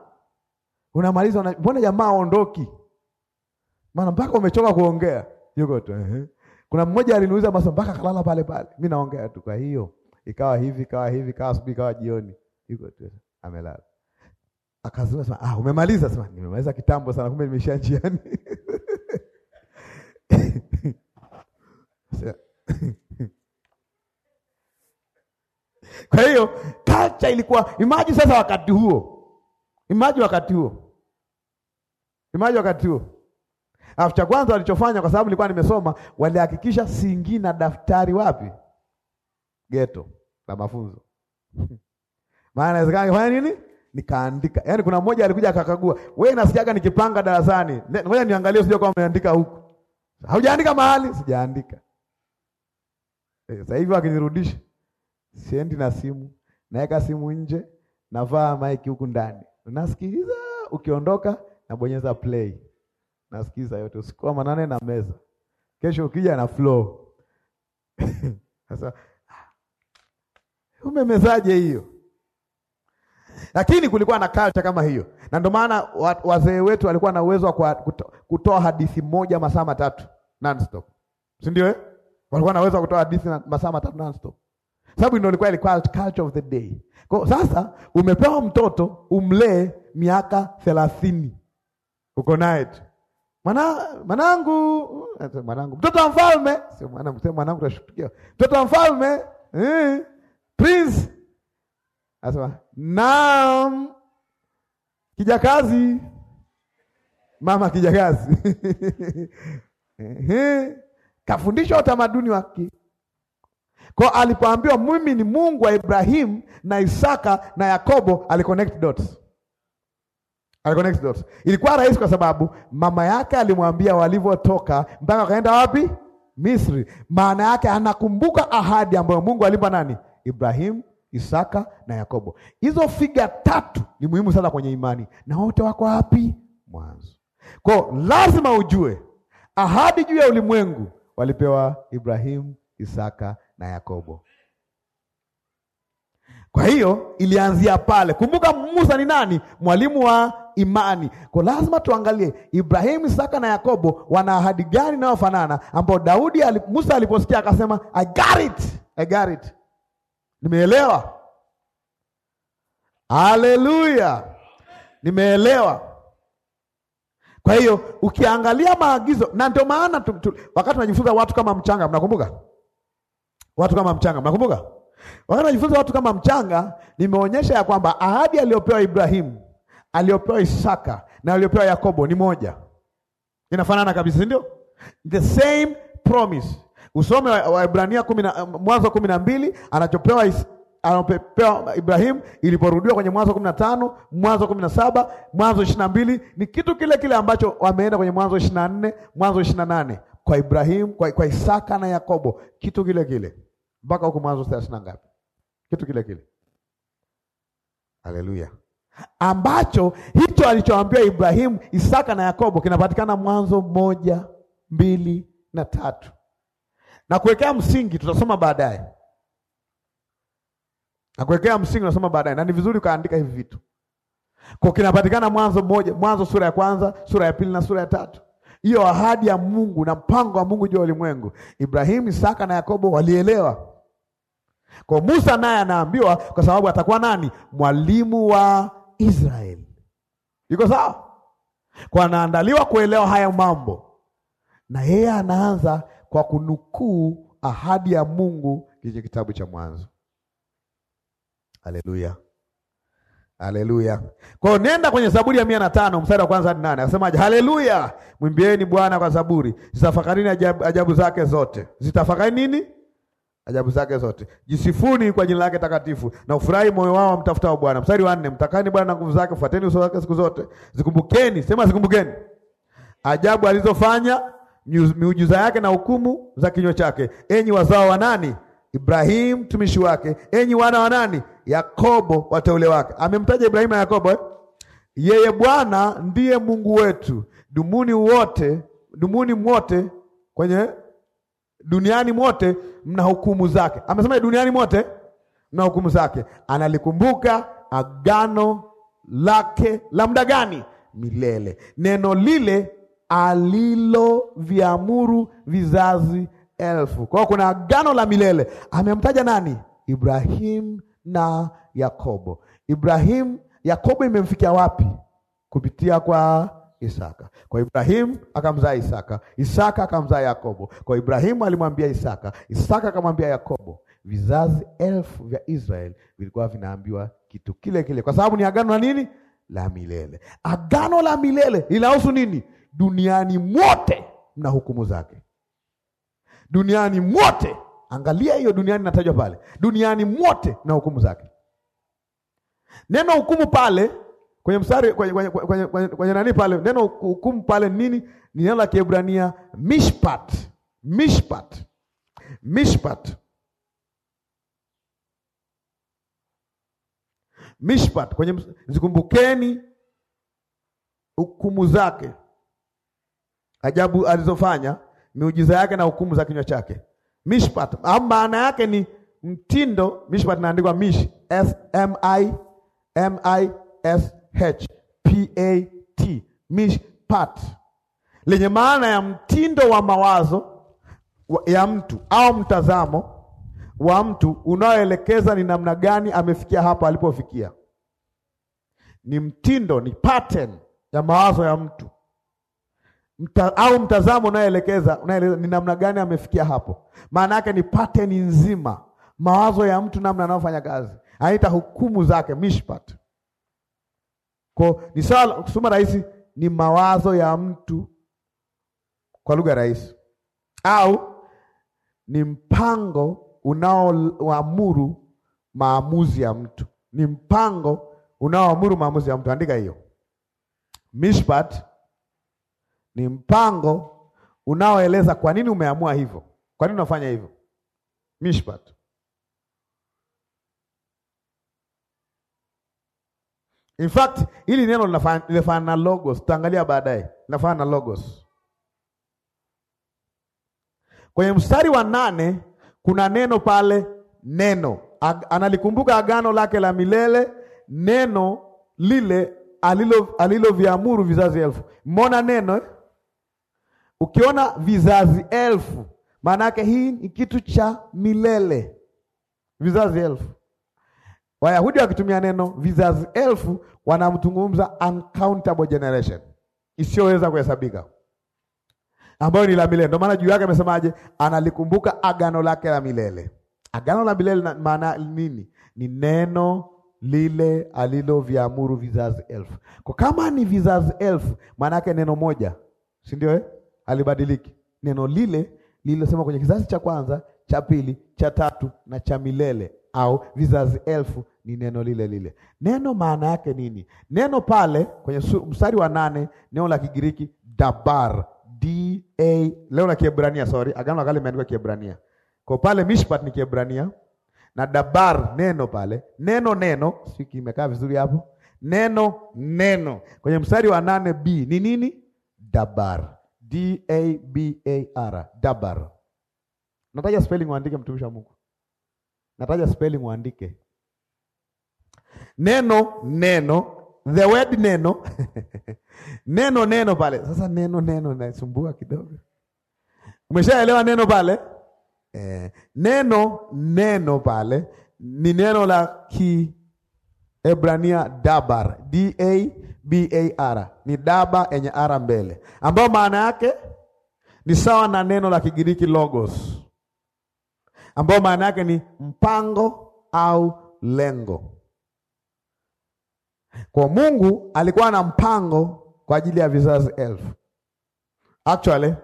unamaliza. Mbona jamaa aondoki? Maana mpaka umechoka kuongea, yuko tu ehe. Kuna mmoja aliniuliza masomo mpaka kalala pale pale, mimi naongea tu. Kwa hiyo ikawa hivi ikawa hivi ikawa asubuhi ikawa jioni, yuko tu amelala. Akazima ah, umemaliza? Sema nimemaliza kitambo sana, kumbe nimeisha njiani (laughs) Kwa hiyo culture ilikuwa imaji. Sasa wakati huo, imaji wakati huo, imaji wakati huo, alafu cha kwanza walichofanya, kwa sababu nilikuwa nimesoma, walihakikisha singi na daftari wapi, geto la mafunzo (laughs) maana inawezekana nifanya nini, nikaandika. Yaani kuna mmoja alikuja akakagua, wewe nasikiaga nikipanga darasani, ngoja niangalie, sio kama umeandika huko. haujaandika mahali, sijaandika. Eh, sasa hivi akinirudisha siendi na simu, naweka simu nje, navaa maiki huku ndani, nasikiliza. Ukiondoka nabonyeza play, nasikiza yote usiku wa manane na meza. Kesho ukija na flow (laughs) sasa ah, umemezaje hiyo? Lakini kulikuwa na culture kama hiyo, na ndio maana wazee wetu walikuwa na uwezo wa kutoa hadithi moja masaa matatu nonstop, si ndio eh? Walikuwa na uwezo wa kutoa hadithi masaa matatu nonstop sababu ndio ilikuwa ilikuwa culture of the day. Kwa sasa umepewa mtoto umlee miaka thelathini, uko naye tu Mwana, mwanangu eh, mwanangu mtoto wa mfalme sio mwana mtoto mwanangu tashutukia mtoto wa mfalme eh, prince asema naam, kijakazi mama kijakazi (laughs) eh, eh. kafundishwa utamaduni wa kwa alipoambiwa mimi ni Mungu wa Ibrahimu na Isaka na Yakobo, aliconnect dots. Aliconnect dots. Ilikuwa rahisi kwa sababu mama yake alimwambia walivyotoka mpaka wakaenda wapi? Misri. Maana yake anakumbuka ahadi ambayo Mungu alimpa nani? Ibrahimu, Isaka na Yakobo. Hizo figa tatu ni muhimu sana kwenye imani, na wote wako wapi? Mwanzo. Kwa lazima ujue ahadi juu ya ulimwengu walipewa Ibrahimu, Isaka na Yakobo. Kwa hiyo ilianzia pale. Kumbuka Musa ni nani? Mwalimu wa imani. Kwa lazima tuangalie Ibrahimu, Isaka na Yakobo wana ahadi gani inayofanana, ambao Daudi alip, Musa aliposikia akasema I got it. I got it. Nimeelewa. Haleluya, nimeelewa. Kwa hiyo ukiangalia maagizo, na ndio maana wakati tunajifunza watu kama mchanga, mnakumbuka watu kama mchanga. Mnakumbuka wakati najifunza watu kama mchanga, nimeonyesha ya kwamba ahadi aliyopewa Ibrahimu, aliyopewa Isaka na aliyopewa Yakobo ni moja, inafanana kabisa, si ndio? The same promise. Usome Waebrania Mwanzo kumi na mbili anachopewa anapewa Ibrahim iliporudiwa kwenye Mwanzo kumi na tano Mwanzo kumi na saba Mwanzo ishirini na mbili ni kitu kile kile ambacho wameenda kwenye Mwanzo ishirini na nne Mwanzo ishirini na nane kwa Ibrahim, kwa, kwa Isaka na Yakobo, kitu kile kile mpaka huko Mwanzo thelathini na ngapi, kitu kile kile. Haleluya! ambacho hicho alichoambia Ibrahimu, Isaka na Yakobo kinapatikana Mwanzo moja mbili na tatu na kuwekea msingi, tutasoma baadaye na kuwekea msingi unasoma baadaye, na ni vizuri ukaandika hivi vitu kwa, kinapatikana Mwanzo moja, Mwanzo sura ya kwanza, sura ya pili na sura ya tatu hiyo ahadi ya Mungu na mpango wa Mungu juu ya ulimwengu. Ibrahimu, Isaka na Yakobo walielewa. Kwa Musa naye anaambiwa, kwa sababu atakuwa nani? Mwalimu wa Israeli. Iko sawa? Kwa anaandaliwa kuelewa haya mambo, na yeye anaanza kwa kunukuu ahadi ya Mungu kwenye kitabu cha Mwanzo. Haleluya! Haleluya. Kwa hiyo nenda kwenye Zaburi ya mia na tano mstari wa kwanza hadi nane asemaje? Haleluya, mwimbieni Bwana kwa zaburi, zitafakarini ajabu, ajabu zake zote. Zitafakari nini? Ajabu zake zote. Jisifuni kwa jina lake takatifu, na ufurahi moyo wao mtafutao Bwana. Mstari wa nne mtakani Bwana na nguvu zake, fuateni uso wake siku zote, zikumbukeni. Sema zikumbukeni ajabu alizofanya, miujiza yake na hukumu za kinywa chake. Enyi wazao wa nani? Ibrahimu mtumishi wake. Enyi wana wa nani? Yakobo wateule wake. Amemtaja Ibrahimu na Yakobo eh? Yeye Bwana ndiye Mungu wetu, dumuni wote, dumuni mwote kwenye duniani mwote mna hukumu zake. Amesema duniani mwote mna hukumu zake. Analikumbuka agano lake la muda gani? Milele, neno lile aliloviamuru vizazi elfu. Kwa hiyo kuna agano la milele. Amemtaja nani? Ibrahimu na Yakobo. Ibrahimu, Yakobo imemfikia wapi? Kupitia kwa Isaka. Kwa Ibrahimu akamzaa Isaka, Isaka akamzaa Yakobo. Kwa Ibrahimu alimwambia Isaka, Isaka akamwambia Yakobo. Vizazi elfu vya Israeli vilikuwa vinaambiwa kitu kile kile, kwa sababu ni agano la nini? La milele. Agano la milele linahusu nini? Duniani mwote mna hukumu zake, duniani mwote Angalia hiyo duniani natajwa pale, duniani mwote na hukumu zake. Neno hukumu pale kwenye mstari kwenye, kwenye, kwenye, kwenye, kwenye nani pale, neno hukumu pale nini? Ni neno la Kiebrania mishpat, mishpat, mishpat, mishpat. Kwenye zikumbukeni hukumu zake, ajabu alizofanya, miujiza yake na hukumu za kinywa chake mishpat, au maana yake ni mtindo. Mishpat inaandikwa mish S M I M I S H P A T, mishpat lenye maana ya mtindo wa mawazo ya mtu au mtazamo wa mtu unaoelekeza ni namna gani amefikia hapo alipofikia. Ni mtindo, ni pattern ya mawazo ya mtu mta, au mtazamo unaelekeza unaeleza ni namna gani amefikia hapo. Maana yake ni pattern nzima, mawazo ya mtu, namna anayofanya kazi, anaita hukumu zake mishpat. Kwa ni sawa, kusema rahisi ni mawazo ya mtu kwa lugha rahisi, au ni mpango unaoamuru maamuzi ya mtu, ni mpango unaoamuru maamuzi ya mtu. Andika hiyo mishpat ni mpango unaoeleza kwa nini umeamua hivyo, kwa nini unafanya hivyo. Mishpat in fact, hili neno linafanana na logos, tutaangalia baadaye, linafanana na logos. Kwenye mstari wa nane kuna neno pale, neno Ag analikumbuka agano lake la milele, neno lile aliloviamuru alilo vizazi elfu. Mona neno eh? Ukiona vizazi elfu, maana yake hii ni kitu cha milele, vizazi elfu. Wayahudi wakitumia neno vizazi elfu, wanamtungumza uncountable generation isiyoweza kuhesabika, ambayo ni la milele. Ndio maana juu yake amesemaje? Analikumbuka agano lake la milele. Agano la milele maana nini? Ni neno lile aliloviamuru vizazi elfu. Kwa kama ni vizazi elfu, maana yake neno moja, si ndio eh? halibadiliki. Neno lile lililosema kwenye kizazi cha kwanza, cha pili, cha tatu na cha milele au vizazi elfu ni neno lile lile. Neno maana yake nini? Neno pale kwenye mstari wa nane, neno la Kigiriki dabar D A, leo la Kiebrania, sorry, agano la kale limeandikwa Kiebrania. Kwa pale mishpat ni Kiebrania na dabar neno pale, neno neno, siki imekaa vizuri hapo. Neno neno kwenye mstari wa nane b ni nini? Dabar. D A B A R, dabar. Nataja spelling uandike, mtumishi wa Mungu, nataja spelling uandike neno neno, the word neno (laughs) neno neno pale. Sasa neno neno nasumbua kidogo, umeshaelewa neno pale eh, neno neno pale ni neno la Kiebrania dabar, D A B A R ni daba yenye ara mbele, ambayo maana yake ni sawa na neno la Kigiriki logos, ambayo maana yake ni mpango au lengo. Kwa Mungu alikuwa na mpango kwa ajili ya vizazi elfu. Actually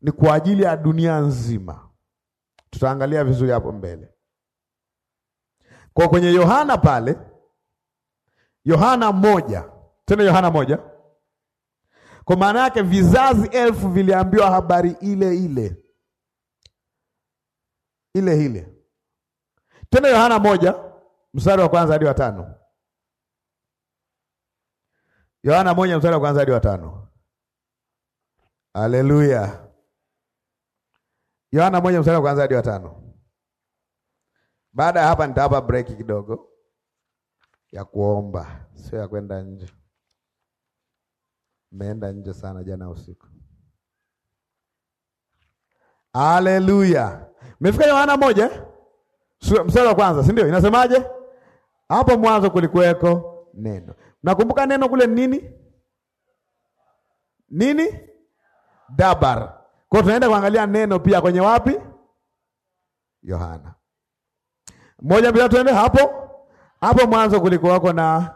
ni kwa ajili ya dunia nzima. Tutaangalia vizuri hapo mbele. Kwa kwenye Yohana pale, Yohana moja tena Yohana moja. Kwa maana yake vizazi elfu viliambiwa habari ile ile ile ile, tena Yohana moja mstari wa kwanza hadi wa tano. Yohana moja mstari wa kwanza hadi wa tano. Haleluya! Yohana moja mstari wa kwanza hadi wa tano. Baada ya hapa nitawapa break kidogo ya kuomba, sio ya kwenda nje meenda nje sana jana usiku. aleluya mmefika Yohana moja mstari wa kwanza, si ndio? Inasemaje hapo? Mwanzo kulikuweko neno. Nakumbuka neno kule nini nini, dabar. Kwa tunaenda kuangalia neno pia kwenye wapi? Yohana moja, bila tuende hapo hapo. Mwanzo kulikuwako na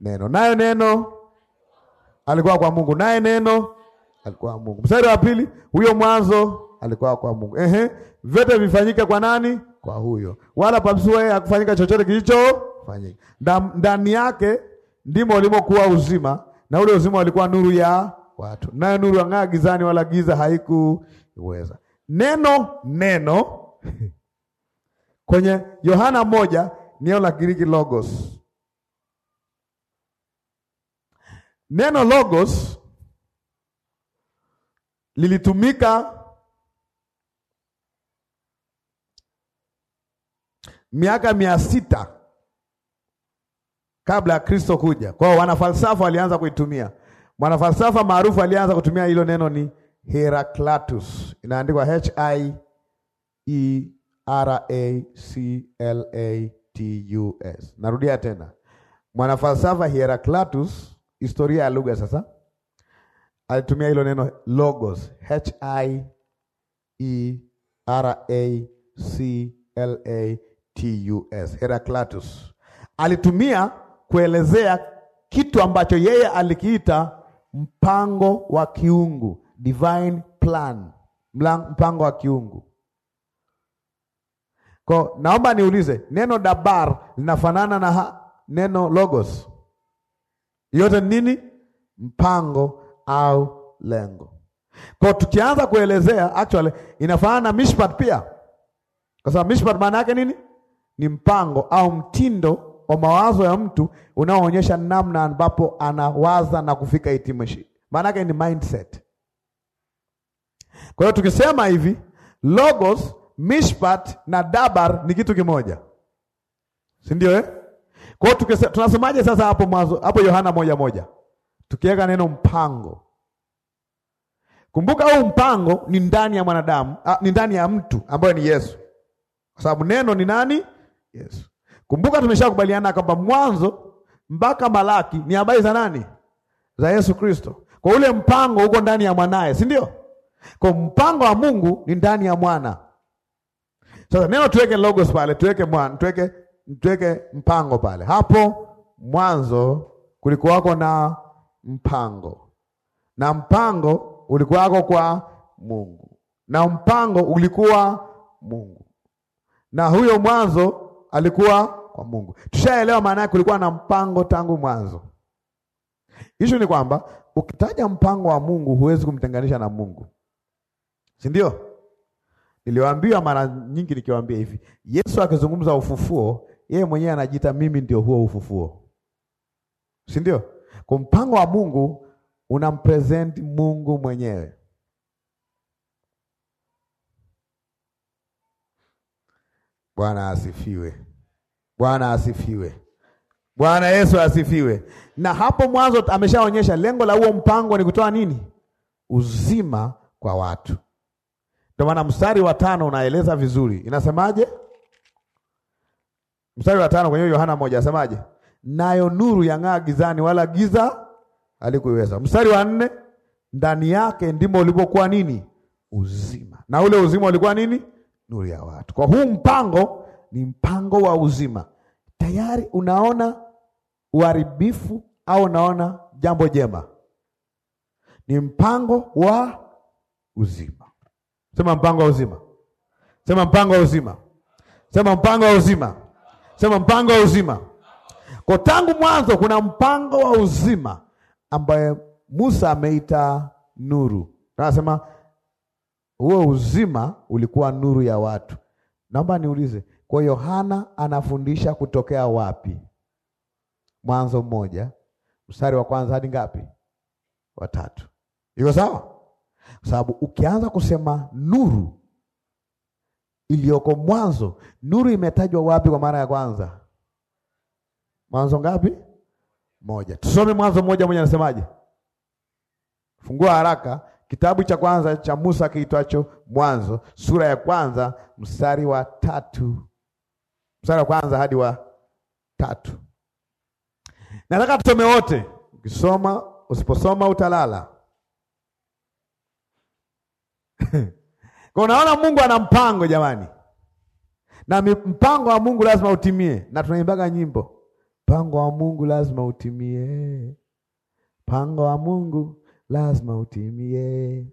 neno, nayo neno alikuwa kwa Mungu, naye neno alikuwa Mungu. Mstari wa pili, huyo mwanzo alikuwa kwa Mungu. Ehe, vyote vifanyike kwa nani? Kwa huyo, wala papsua yeye hakufanyika chochote kilichofanyika. Ndani yake ndimo ulimokuwa uzima, na ule uzima ulikuwa nuru ya watu, nayo nuru ang'aa gizani, wala giza haikuweza. Neno neno (laughs) kwenye Yohana moja neno la Kiriki logos Neno logos lilitumika miaka mia sita kabla ya Kristo kuja. Kwa hiyo wanafalsafa walianza kuitumia. Mwanafalsafa maarufu alianza kutumia hilo neno ni Heraclatus, inaandikwa H I E R A C L A T U S. Narudia tena, mwanafalsafa Heraclatus historia ya lugha sasa. Alitumia hilo neno logos, H I E R A C L A T U S, Heraclatus Alitumia kuelezea kitu ambacho yeye alikiita mpango wa kiungu, divine plan, mpango wa kiungu. Kwa naomba niulize, neno dabar linafanana na ha, neno logos? Yote nini? Mpango au lengo. Kwa tukianza kuelezea actually inafanana na mishpat pia, kwa sababu mishpat maana yake nini? Ni mpango au mtindo wa mawazo ya mtu unaoonyesha namna ambapo anawaza na kufika hitimisho. Maana yake ni mindset. Kwa hiyo tukisema hivi logos, mishpat na dabar ni kitu kimoja, si ndio eh? Kwa hiyo tunasemaje sasa hapo mwanzo hapo Yohana moja moja? Tukiweka neno mpango. Kumbuka huu mpango ni ndani ya mwanadamu, ni ndani ya mtu ambaye ni Yesu. Kwa sababu neno ni nani? Yesu. Kumbuka tumeshakubaliana kwamba mwanzo mpaka Malaki ni habari za nani? Za Yesu Kristo. Kwa ule mpango uko ndani ya mwanaye, si ndio? Kwa mpango wa Mungu ni ndani ya mwana. Sasa neno tuweke logos pale, tuweke mwana, tuweke mtweke mpango pale. Hapo mwanzo kulikuwako na mpango, na mpango ulikuwako kwa Mungu, na mpango ulikuwa Mungu, na huyo mwanzo alikuwa kwa Mungu. Tushaelewa maana yake, kulikuwa na mpango tangu mwanzo. Hicho ni kwamba ukitaja mpango wa Mungu huwezi kumtenganisha na Mungu, si ndio? Niliwaambia mara nyingi nikiwaambia hivi, Yesu akizungumza ufufuo yeye mwenyewe anajiita mimi ndio huo ufufuo, si ndio? Kwa mpango wa Mungu unampresent Mungu mwenyewe. Bwana asifiwe! Bwana asifiwe! Bwana Yesu asifiwe! Na hapo mwanzo ameshaonyesha lengo la huo mpango ni kutoa nini? Uzima kwa watu. Ndio maana mstari wa tano unaeleza vizuri, inasemaje? mstari wa tano kwenye Yohana moja asemaje? Nayo nuru yang'aa gizani, wala giza alikuiweza Mstari wa nne, ndani yake ndimo ulipokuwa nini? Uzima, na ule uzima ulikuwa nini? Nuru ya watu. Kwa huu mpango ni mpango wa uzima. Tayari unaona uharibifu au unaona jambo jema? Ni mpango wa uzima. Sema mpango wa uzima. Sema mpango wa uzima. Sema mpango wa uzima. Sema mpango wa uzima. Kwa tangu mwanzo kuna mpango wa uzima ambaye Musa ameita nuru. Anasema huo uzima ulikuwa nuru ya watu. Naomba niulize, kwa Yohana anafundisha kutokea wapi? Mwanzo mmoja mstari wa kwanza hadi ngapi? Watatu. Iko sawa? sababu ukianza kusema nuru iliyoko mwanzo. Nuru imetajwa wapi kwa mara ya kwanza? Mwanzo ngapi? Moja. Tusome Mwanzo moja moja, anasemaje? Fungua haraka kitabu cha kwanza cha Musa kiitwacho Mwanzo, sura ya kwanza mstari wa tatu, mstari wa kwanza hadi wa tatu. Nataka tusome wote, ukisoma usiposoma utalala (laughs) Kwa unaona Mungu ana mpango jamani, na mpango wa Mungu lazima utimie, na tunaimbaga nyimbo, mpango wa Mungu lazima utimie, mpango wa Mungu lazima utimie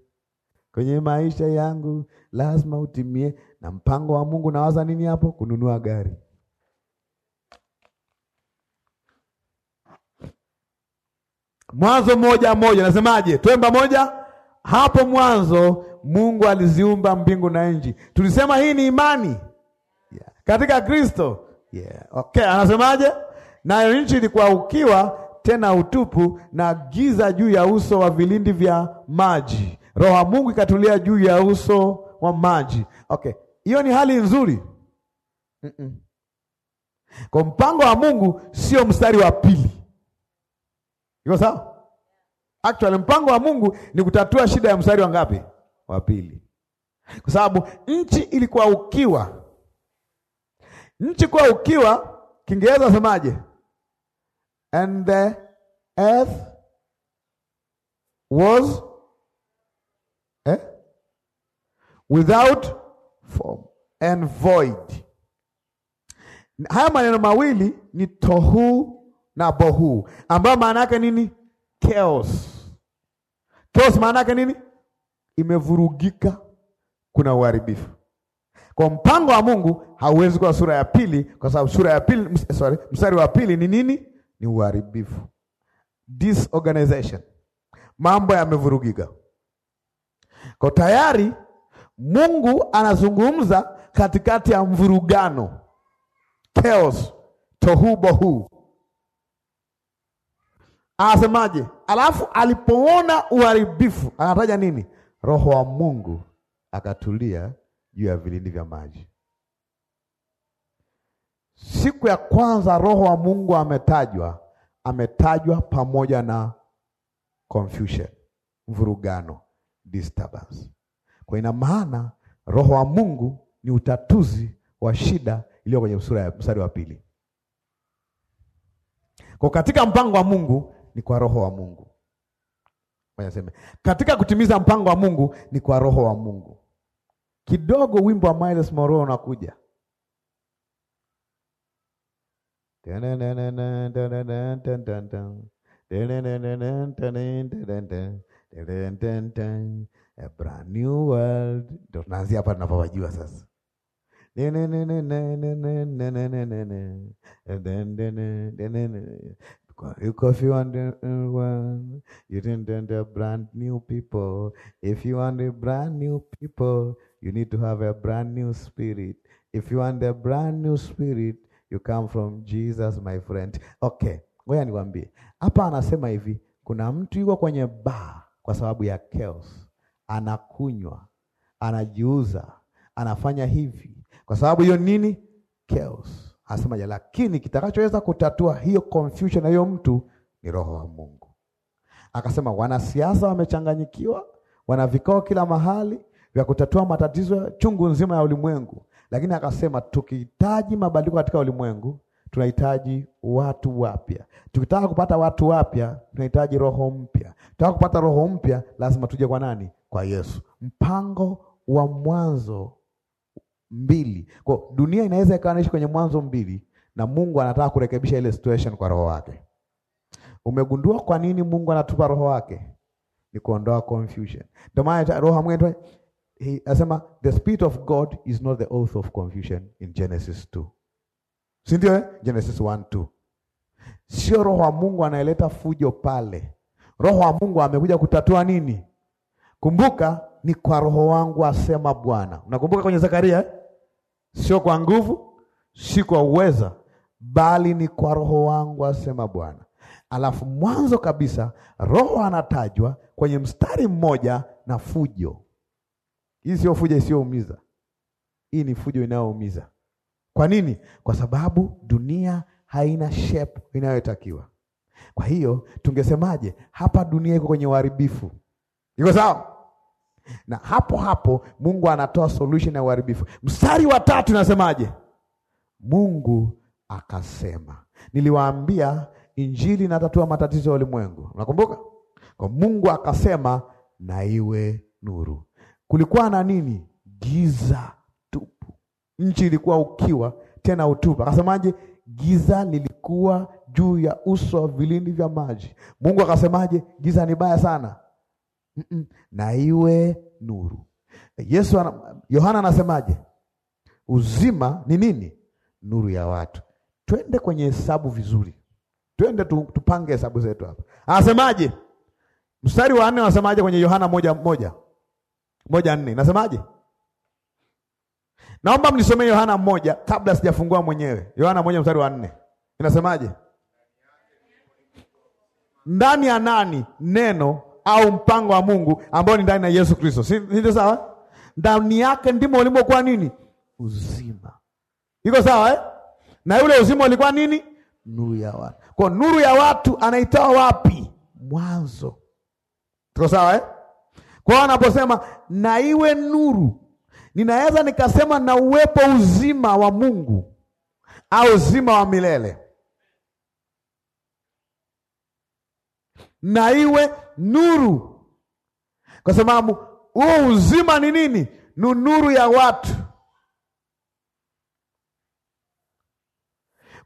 kwenye maisha yangu, lazima utimie. Na mpango wa Mungu nawaza nini hapo? Kununua gari. Mwanzo moja moja, nasemaje? Twemba moja hapo mwanzo Mungu aliziumba mbingu na nchi. Tulisema hii ni imani yeah. katika Kristo yeah. Okay, anasemaje? Nayo nchi ilikuwa ukiwa tena utupu na giza juu ya uso wa vilindi vya maji, roho Mungu ikatulia juu ya uso wa maji. Okay, hiyo ni hali nzuri mm -mm. Kwa mpango wa Mungu sio mstari wa pili, iko sawa? Actually mpango wa Mungu ni kutatua shida ya mstari wa ngapi? wa pili, kwa sababu nchi ilikuwa ukiwa. Nchi kuwa ukiwa, Kiingereza wasemaje? And the earth was eh, without form and void. Haya maneno mawili ni tohu na bohu, ambayo maana yake nini? Chaos. Chaos maana yake nini? imevurugika, kuna uharibifu. Kwa mpango wa Mungu hauwezi kuwa sura ya pili, kwa sababu sura ya pili, sorry, mstari wa pili ni nini? Ni uharibifu, disorganization, mambo yamevurugika. Kwa tayari Mungu anazungumza katikati ya mvurugano, chaos, tohu bohu. Anasemaje? Alafu alipoona uharibifu, anataja nini? Roho wa Mungu akatulia juu ya vilindi vya maji. Siku ya kwanza Roho wa Mungu ametajwa, ametajwa pamoja na confusion, mvurugano, disturbance. Kwa ina maana Roho wa Mungu ni utatuzi wa shida iliyo kwenye sura ya mstari wa pili. Kwa katika mpango wa Mungu ni kwa Roho wa Mungu. Seme, katika kutimiza mpango wa Mungu ni kwa roho wa Mungu. Kidogo wimbo wa Miles Moro unakuja A brand new world, ndio tunaanzia hapa tunapowajua sasa. If you want one, uh, you end a brand new people. If you want a brand new people, you need to have a brand new spirit. If you want a brand new spirit, you come from Jesus, my friend. Okay, ngoja niwaambie hapa. Anasema hivi, kuna mtu yuko kwenye baa kwa sababu ya chaos, anakunywa, anajiuza, anafanya hivi kwa sababu hiyo nini? Chaos ya Lakini kitakachoweza kutatua hiyo confusion na hiyo mtu ni roho wa Mungu. Akasema wanasiasa wamechanganyikiwa, wana vikao kila mahali vya kutatua matatizo chungu nzima ya ulimwengu, lakini akasema tukihitaji mabadiliko katika ulimwengu tunahitaji watu wapya. Tukitaka kupata watu wapya tunahitaji roho mpya. Tukitaka kupata roho mpya lazima tuje kwa nani? Kwa Yesu. Mpango wa mwanzo mbili. Kwa dunia inaweza ikawa inaishi kwenye mwanzo mbili na Mungu anataka kurekebisha ile situation kwa roho wake. Umegundua kwa nini Mungu anatupa roho wake? Ni kuondoa confusion. Ndio maana roho mwendwa asema the spirit of God is not the author of confusion in Genesis 2. Si ndio eh? Genesis 1 2. Sio roho wa Mungu anaeleta fujo pale. Roho wa Mungu amekuja kutatua nini? Kumbuka ni kwa roho wangu asema Bwana. Unakumbuka kwenye Zakaria eh? sio kwa nguvu, si kwa uweza, bali ni kwa Roho wangu, asema Bwana. Alafu mwanzo kabisa Roho anatajwa kwenye mstari mmoja na fujo. Hii sio fujo isiyoumiza, hii ni fujo inayoumiza. Kwa nini? Kwa sababu dunia haina shape inayotakiwa. Kwa hiyo tungesemaje? Hapa dunia iko kwenye uharibifu, iko sawa? na hapo hapo Mungu anatoa solution ya uharibifu. Mstari wa tatu nasemaje? Mungu akasema, niliwaambia injili inatatua matatizo ya ulimwengu, unakumbuka? Kwa Mungu akasema na iwe nuru. Kulikuwa na nini? Giza tupu, nchi ilikuwa ukiwa tena utupu. Akasemaje? Giza lilikuwa juu ya uso wa vilindi vya maji. Mungu akasemaje? Giza ni baya sana, mm -mm. na iwe nuru. Yesu ana, Yohana anasemaje? Uzima ni nini? Nuru ya watu. Twende kwenye hesabu vizuri, twende tu, tupange hesabu zetu hapa. Anasemaje? mstari wa nne anasemaje kwenye Yohana moja moja moja nne nasemaje? Naomba mnisomee Yohana moja kabla sijafungua mwenyewe. Yohana moja mstari wa nne inasemaje? Ndani ya nani neno au mpango wa Mungu ambao ni ndani ya Yesu Kristo, si ndio? Sawa, ndani yake ndimo ulimokuwa nini? Uzima. Iko sawa eh? na yule uzima ulikuwa nini? Nuru ya watu. Kwa nuru ya watu anaitoa wapi? Mwanzo. Tuko sawa eh? Kwa anaposema na iwe nuru, ninaweza nikasema na uwepo uzima wa Mungu au uzima wa milele na iwe nuru, kwa sababu huo uzima ni nini? Ni nuru ya watu.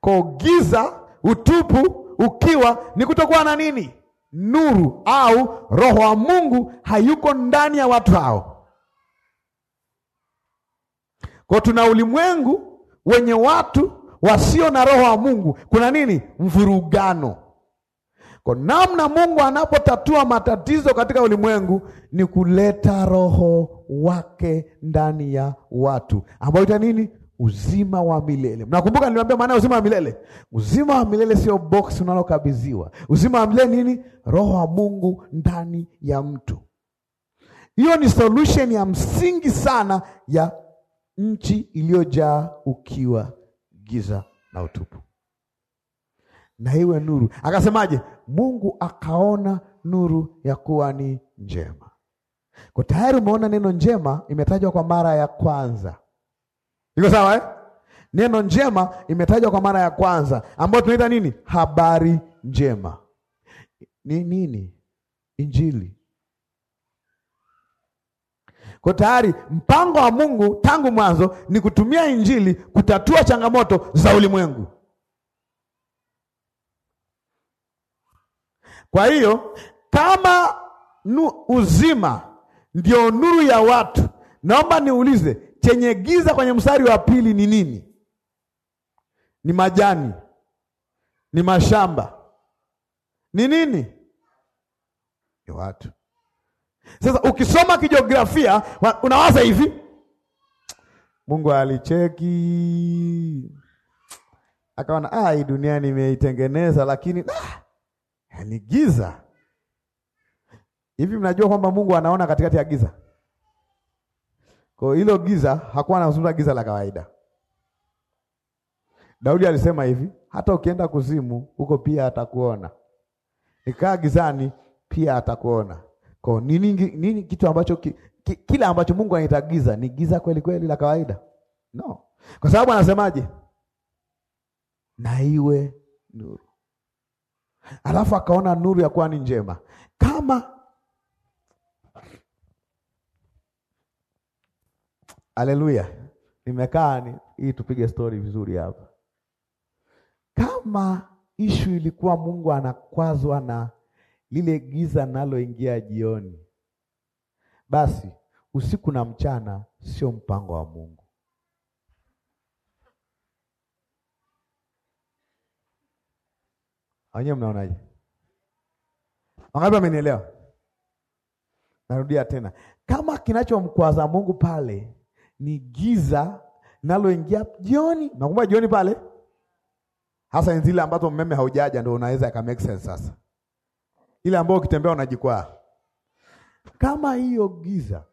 Kwa giza, utupu, ukiwa ni kutokuwa na nini? Nuru au roho wa Mungu hayuko ndani ya watu hao. Kwa tuna ulimwengu wenye watu wasio na roho wa Mungu. Kuna nini? Mvurugano. Kwa namna Mungu anapotatua matatizo katika ulimwengu ni kuleta roho wake ndani ya watu ambayo ita nini? Uzima wa milele. Mnakumbuka niliwaambia maana uzima wa milele? Uzima wa milele sio box unalokabidhiwa. Uzima wa milele nini? Roho wa Mungu ndani ya mtu. Hiyo ni solution ya msingi sana ya nchi iliyojaa ukiwa, giza na utupu na iwe nuru. Akasemaje? Mungu akaona nuru ya kuwa ni njema. Kwa tayari umeona neno njema imetajwa kwa mara ya kwanza, iko sawa eh? Neno njema imetajwa kwa mara ya kwanza, ambayo tunaita nini? Habari njema ni nini? Injili. Kwa tayari mpango wa Mungu tangu mwanzo ni kutumia injili kutatua changamoto za ulimwengu. Kwa hiyo kama nu, uzima ndio nuru ya watu, naomba niulize, chenye giza kwenye mstari wa pili ni nini? Ni majani? Ni mashamba? Ni nini? Ni watu. Sasa ukisoma kijiografia unawaza hivi, Mungu alicheki akaona, ah, hii dunia nimeitengeneza, lakini nah, ni yaani giza. Hivi mnajua kwamba Mungu anaona katikati ya giza? Kwa hilo giza hakuwa anazungumza giza la kawaida. Daudi alisema hivi, hata ukienda kuzimu huko pia atakuona, nikaa gizani pia atakuona. Kwa nini, nini kitu ambacho ki, ki, kila ambacho Mungu anaita giza ni giza kweli kweli la kawaida? No, kwa sababu anasemaje? Na iwe nuru alafu akaona nuru ya kwani njema kama Haleluya, nimekaa ni hii, tupige stori vizuri hapa. Kama ishu ilikuwa Mungu anakwazwa na lile giza naloingia jioni, basi usiku na mchana sio mpango wa Mungu. Wenyewe mnaonaje? Wangapi wamenielewa? Narudia tena, kama kinachomkwaza Mungu pale ni giza linaloingia jioni, nakumbuka jioni pale hasa ni zile ambazo mmeme haujaja ndio unaweza aka make sense. Sasa ile ambayo ukitembea unajikwaa, kama hiyo giza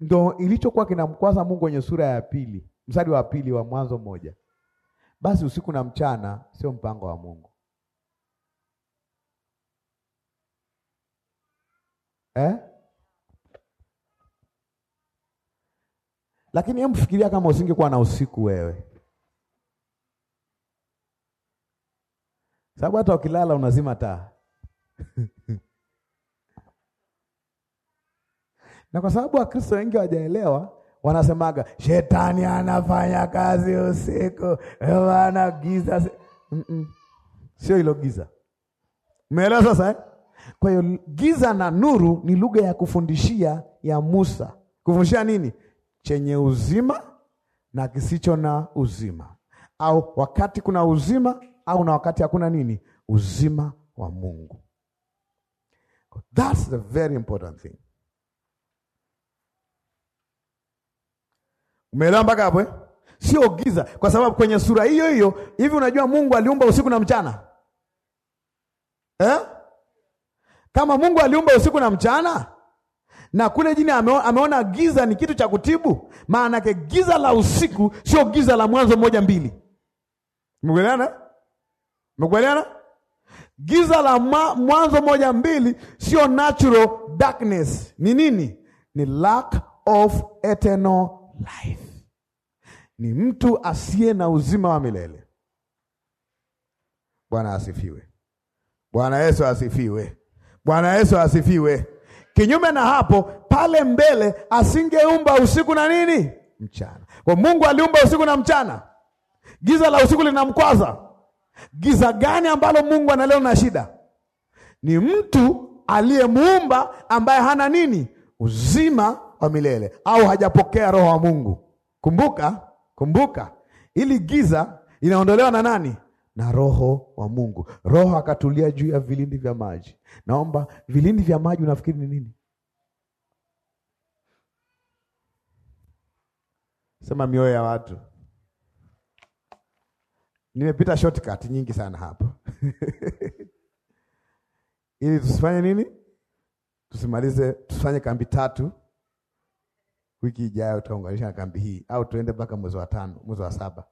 ndo ilichokuwa kinamkwaza Mungu kwenye sura ya pili mstari wa pili wa Mwanzo moja, basi usiku na mchana sio mpango wa Mungu. eh? Lakini hebu fikiria kama usingekuwa na usiku wewe, sababu hata ukilala unazima taa (laughs) na kwa sababu Wakristo wengi hawajaelewa, wanasemaga shetani anafanya kazi usiku, wana giza. mm -mm. Sio hilo giza, umeelewa sasa eh? Kwa hiyo giza na nuru ni lugha ya kufundishia ya Musa. Kufundishia nini? Chenye uzima na kisicho na uzima, au wakati kuna uzima au na wakati hakuna nini, uzima wa Mungu. That's the very important thing. Umeelewa mpaka hapo eh? Sio giza, kwa sababu kwenye sura hiyo hiyo hivi, unajua Mungu aliumba usiku na mchana eh? Kama Mungu aliumba usiku na mchana na kule jini ameona giza ni kitu cha kutibu, maana yake giza la usiku sio giza la Mwanzo moja mbili. Mkuelewana? Mkuelewana? Giza la Mwanzo moja mbili sio natural darkness. Ni nini? Ni lack of eternal life, ni mtu asiye na uzima wa milele. Bwana asifiwe. Bwana Yesu asifiwe. Bwana Yesu asifiwe. Kinyume na hapo, pale mbele asingeumba usiku na nini mchana. Kwa Mungu aliumba usiku na mchana. Giza la usiku linamkwaza. Giza gani ambalo Mungu analeo na shida? Ni mtu aliyemuumba ambaye hana nini uzima wa milele au hajapokea roho wa Mungu. Kumbuka, kumbuka, ili giza inaondolewa na nani? na Roho wa Mungu. Roho akatulia juu ya vilindi vya maji. Naomba vilindi vya maji, unafikiri ni nini? Sema mioyo ya watu. Nimepita shortcut nyingi sana hapa (laughs) ili tusifanye nini? Tusimalize, tusifanye kambi tatu wiki ijayo, tutaunganisha na kambi hii, au tuende mpaka mwezi wa tano, mwezi wa saba.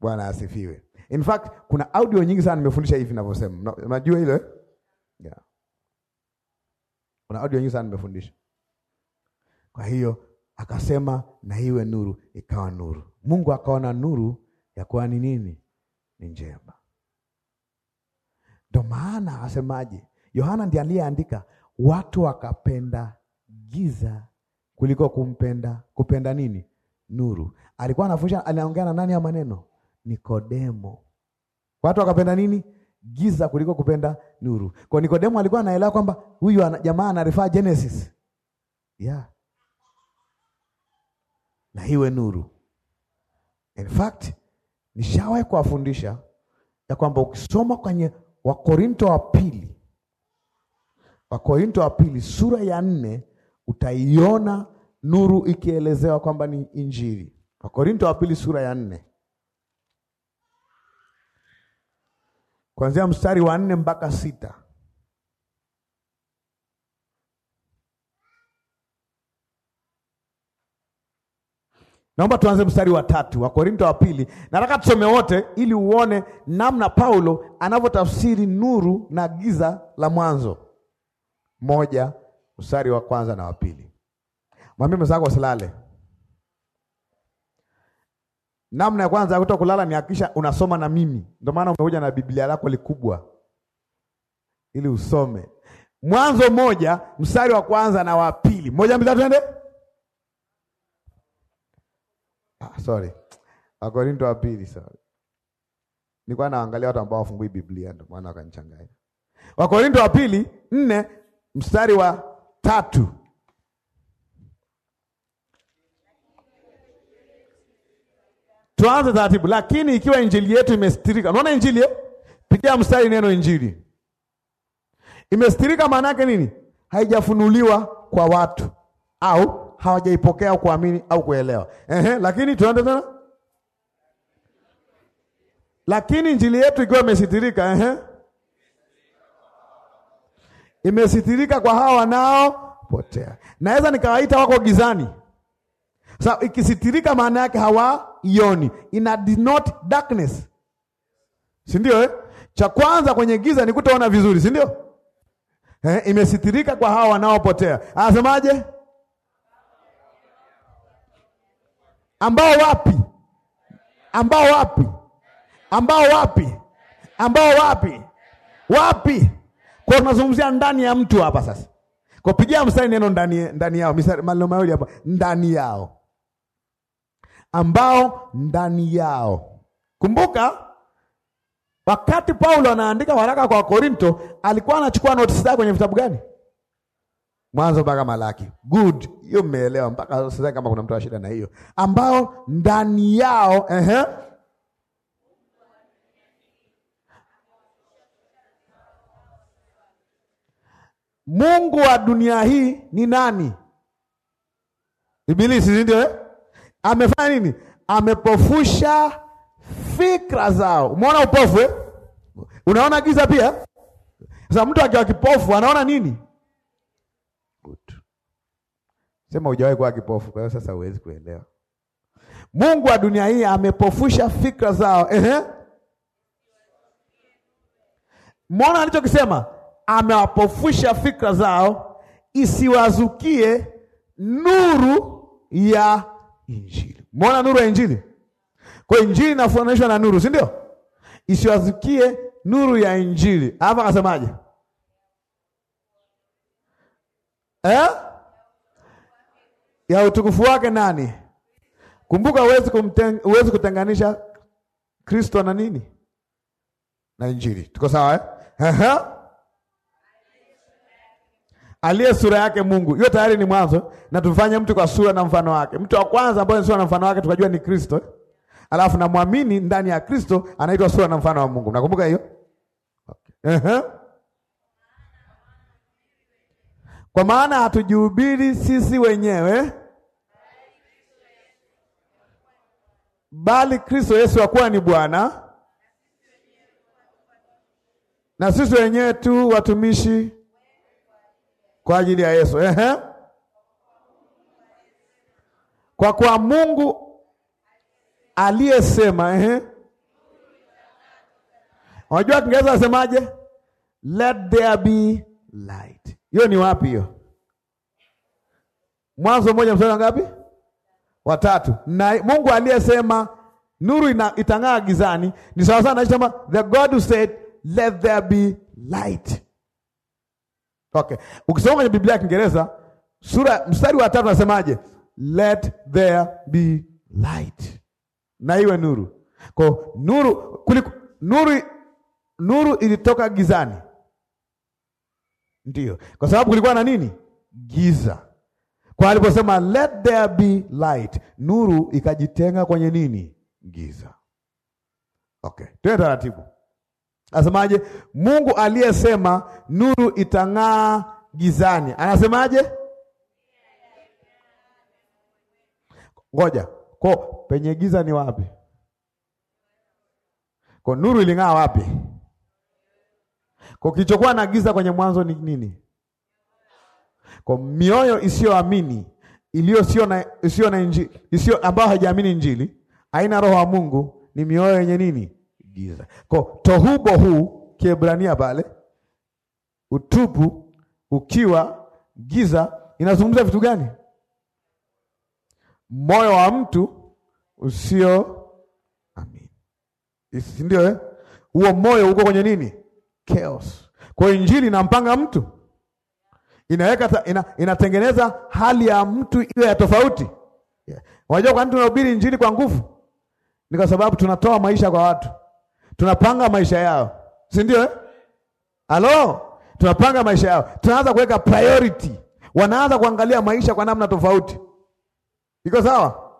Bwana asifiwe. In fact, kuna audio nyingi sana nimefundisha hivi ninavyosema. Unajua ile? Eh? Yeah. Kuna audio nyingi sana nimefundisha. Kwa hiyo akasema na iwe nuru, ikawa nuru. Mungu akaona nuru ya kuwa ni nini? Ni njema. Ndio maana asemaje? Yohana ndiye aliyeandika, watu wakapenda giza kuliko kumpenda kupenda nini? Nuru. Alikuwa anafundisha, anaongea na nani ya maneno? Nikodemo. Watu wakapenda nini? Giza kuliko kupenda nuru. Kwa Nikodemo alikuwa anaelewa kwamba huyu jamaa anarefaa Genesis. Yeah. Na hiwe nuru. In fact, nishawahi kuwafundisha ya kwamba ukisoma kwenye Wakorinto wa pili, Wakorinto wa pili sura ya nne utaiona nuru ikielezewa kwamba ni Injili. Wakorinto wa pili sura ya nne kuanzia mstari wa nne mpaka sita. Naomba tuanze mstari wa tatu wa Korinto wa pili. Nataka tusome wote ili uone namna Paulo anavyotafsiri nuru na giza la Mwanzo moja mstari wa kwanza na wa pili. Mwambie mwenzako asilale. Namna ya kwanza ya kulala ni hakikisha unasoma na mimi. Ndio maana umekuja na Biblia lako likubwa ili usome. Mwanzo moja mstari wa kwanza na wa pili. Moja mbili tatu, ende. Ah, sorry. Wakorintho wa pili, sorry. Nilikuwa naangalia watu ambao wafungui Biblia ndio maana wakanichanganya. Wakorintho wa pili nne mstari wa tatu tuanze taratibu, lakini ikiwa injili yetu imestirika. Unaona injili, pigia mstari neno injili imestirika, maana yake nini? Haijafunuliwa kwa watu, au hawajaipokea au kuamini au kuelewa. Ehe, lakini tuende tena, lakini injili yetu ikiwa imesitirika, ehe, imesitirika kwa hawa wanaopotea. Naweza nikawaita wako gizani so, ikisitirika maana yake hawaioni, ina denote darkness, si ndio eh? Cha kwanza kwenye giza ni kutoona vizuri, si ndio eh? Imesitirika kwa hawa wanaopotea, anasemaje? Ambao wapi? Ambao wapi? Ambao wapi? Ambao wapi? Wapi? Kwa tunazungumzia ndani ya mtu hapa sasa. Kwa pigia mstari neno ndani ndani yao. Mstari maneno mawili hapa ndani yao ambao ndani yao. Kumbuka wakati Paulo anaandika waraka kwa Korinto, alikuwa anachukua notisi zake kwenye vitabu gani? Mwanzo mpaka Malaki. Good, hiyo mmeelewa. Mpaka sasa kama kuna mtu ana shida na hiyo, ambao ndani yao ehe Mungu wa dunia hii ni nani? Ibilisi, ndio eh? amefanya nini? Amepofusha fikra zao. Umeona upofu eh? Unaona giza pia. Sasa mtu akiwa kipofu anaona nini? Good. Sema hujawahi kuwa kipofu, kwa hiyo sasa huwezi kuelewa. Mungu wa dunia hii amepofusha fikra zao. Ehe. Muona alichokisema, amewapofusha fikra zao isiwazukie nuru ya Injili. Mbona nuru ya Injili? Kwa Injili inafananishwa na nuru, si ndio? Isiwazikie nuru ya Injili. Hapa akasemaje? Eh? Ya utukufu wake nani? Kumbuka uwezi kumten, kutenganisha Kristo na nini? Na Injili. Tuko sawa eh? aliye sura yake Mungu. Hiyo tayari ni mwanzo, na tumfanye mtu kwa sura na mfano wake. Mtu wa kwanza ambaye ni sura na mfano wake tukajua ni Kristo, alafu na muamini ndani ya Kristo anaitwa sura na mfano wa Mungu. Nakumbuka hiyo okay. uh -huh. Kwa maana hatujihubiri sisi wenyewe, bali Kristo Yesu akuwa ni Bwana, na sisi wenyewe tu watumishi kwa ajili ya Yesu. Ehe, kwa kuwa Mungu aliyesema. Ehe, unajua Kiingereza asemaje? Let there be light. Hiyo ni wapi hiyo? Mwanzo mmoja mstari ngapi? Watatu. Na Mungu aliyesema nuru ina, itang'aa gizani ni sawa sana anasema the God who said let there be light. Okay. Ukisoma kwenye Biblia ya Kiingereza sura mstari wa tatu nasemaje? Let there be light. Na iwe nuru. Kwa nuru kuliko nuru nuru ilitoka gizani. Ndiyo. Kwa sababu kulikuwa na nini? Giza. Kwa aliposema let there be light, nuru ikajitenga kwenye nini? Giza. Okay. Tuende taratibu. Anasemaje? Mungu aliyesema nuru itang'aa gizani, anasemaje? Ngoja ko penye giza ni wapi? Ko nuru iling'aa wapi? Ko kilichokuwa na giza kwenye mwanzo ni nini? Ko mioyo isiyoamini iliyo sio na isiyo na injili, isiyo ambayo haijaamini injili, haina roho wa Mungu, ni mioyo yenye nini? giza. Kwa tohubo huu Kiebrania pale utupu, ukiwa, giza inazungumza vitu gani? Moyo wa mtu usio amini, si ndio eh? Huo moyo uko kwenye nini? Chaos. Kwa injili inampanga mtu, inaweka ina, inatengeneza hali ya mtu iwe ya tofauti. Unajua yeah. Kwa nini tunahubiri injili kwa nguvu? Ni kwa sababu tunatoa maisha kwa watu tunapanga maisha yao, si ndio? Alo, eh? tunapanga maisha yao, tunaanza kuweka priority. Wanaanza kuangalia maisha kwa namna tofauti, iko sawa?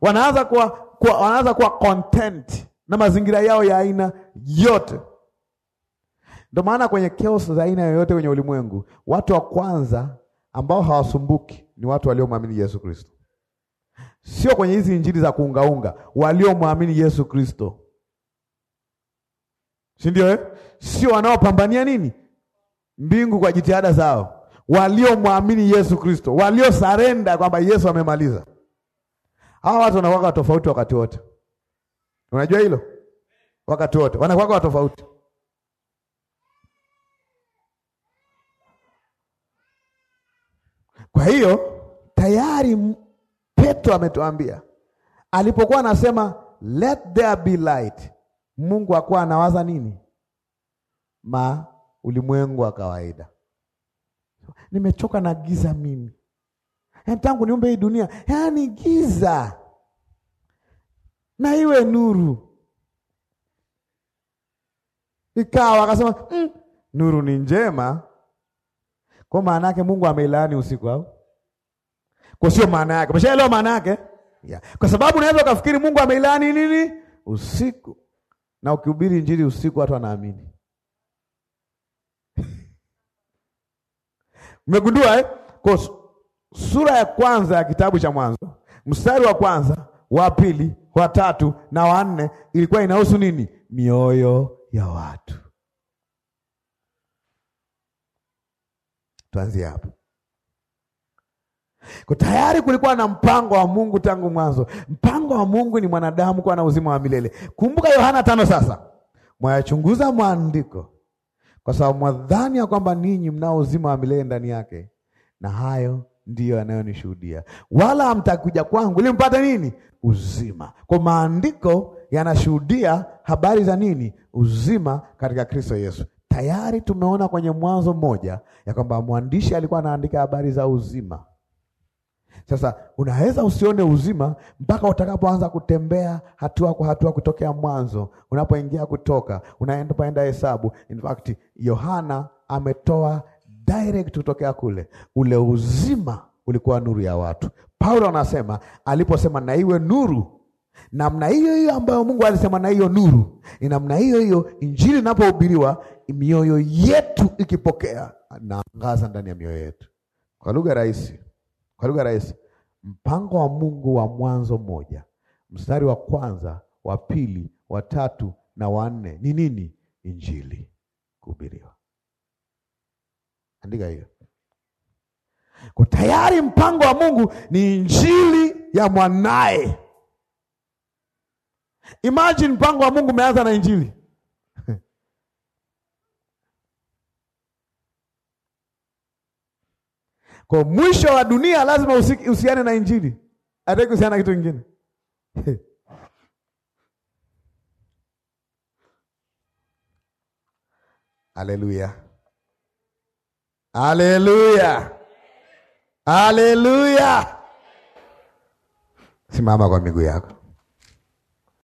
Wanaanza kuwa, kuwa, wanaanza kuwa content na mazingira yao ya aina yote. Ndio maana kwenye chaos za aina yoyote kwenye ulimwengu, watu wa kwanza ambao hawasumbuki ni watu waliomwamini Yesu Kristo, sio kwenye hizi injili za kuungaunga, waliomwamini Yesu Kristo si ndio eh? Sio wanaopambania nini mbingu kwa jitihada zao, waliomwamini Yesu Kristo, waliosarenda kwamba Yesu amemaliza. Hawa watu wanakuwa tofauti wakati wote, unajua hilo, wakati wote wanakuwa tofauti. Kwa hiyo tayari Petro ametuambia alipokuwa anasema let there be light Mungu akuwa anawaza nini? Ma ulimwengu wa kawaida. Nimechoka na giza mimi, tangu niumbe hii dunia, yaani giza na iwe nuru. Ikawa akasema mm, nuru ni njema. Kwa maana yake Mungu ameilaani usiku au kwa sio maana yake? Umeshaelewa maana yake? Yeah. Kwa sababu unaweza ukafikiri Mungu ameilaani nini usiku na ukihubiri injili usiku watu wanaamini. (laughs) Mmegundua eh? Kwa sura ya kwanza ya kitabu cha Mwanzo mstari wa kwanza wa pili wa tatu na wa nne ilikuwa inahusu nini? Mioyo ya watu. Tuanzie hapo. Kwa tayari kulikuwa na mpango wa Mungu tangu mwanzo. Mpango wa Mungu ni mwanadamu kuwa na uzima wa milele. Kumbuka Yohana tano sasa, mwayachunguza maandiko kwa sababu mwadhani ya kwamba ninyi mnao uzima wa milele ndani yake, na hayo ndiyo yanayonishuhudia. Wala hamtakuja kwangu ili mpate nini? Uzima. Kwa maandiko yanashuhudia habari za nini? Uzima katika Kristo Yesu. Tayari tumeona kwenye Mwanzo moja ya kwamba mwandishi alikuwa anaandika habari za uzima. Sasa unaweza usione uzima mpaka utakapoanza kutembea hatua kwa hatua kutokea mwanzo, unapoingia Kutoka, unaenda Hesabu. In fact Yohana ametoa direct kutokea kule, ule uzima ulikuwa nuru ya watu. Paulo anasema aliposema na iwe nuru namna hiyo hiyo ambayo Mungu alisema na hiyo nuru, ni namna hiyo hiyo injili inapohubiriwa, mioyo yetu ikipokea, naangaza ndani ya mioyo yetu. Kwa lugha rahisi, kwa lugha rahisi, mpango wa Mungu wa Mwanzo moja mstari wa kwanza wa pili wa tatu na wa nne ni nini? Injili kuhubiriwa. Andika hiyo kwa tayari. Mpango wa Mungu ni injili ya mwanaye. Imagine mpango wa Mungu umeanza na injili Kwa mwisho wa dunia lazima usiane na Injili, hataki kuhusiana na kitu kingine. (laughs) Haleluya, haleluya, haleluya! Simama kwa miguu yako.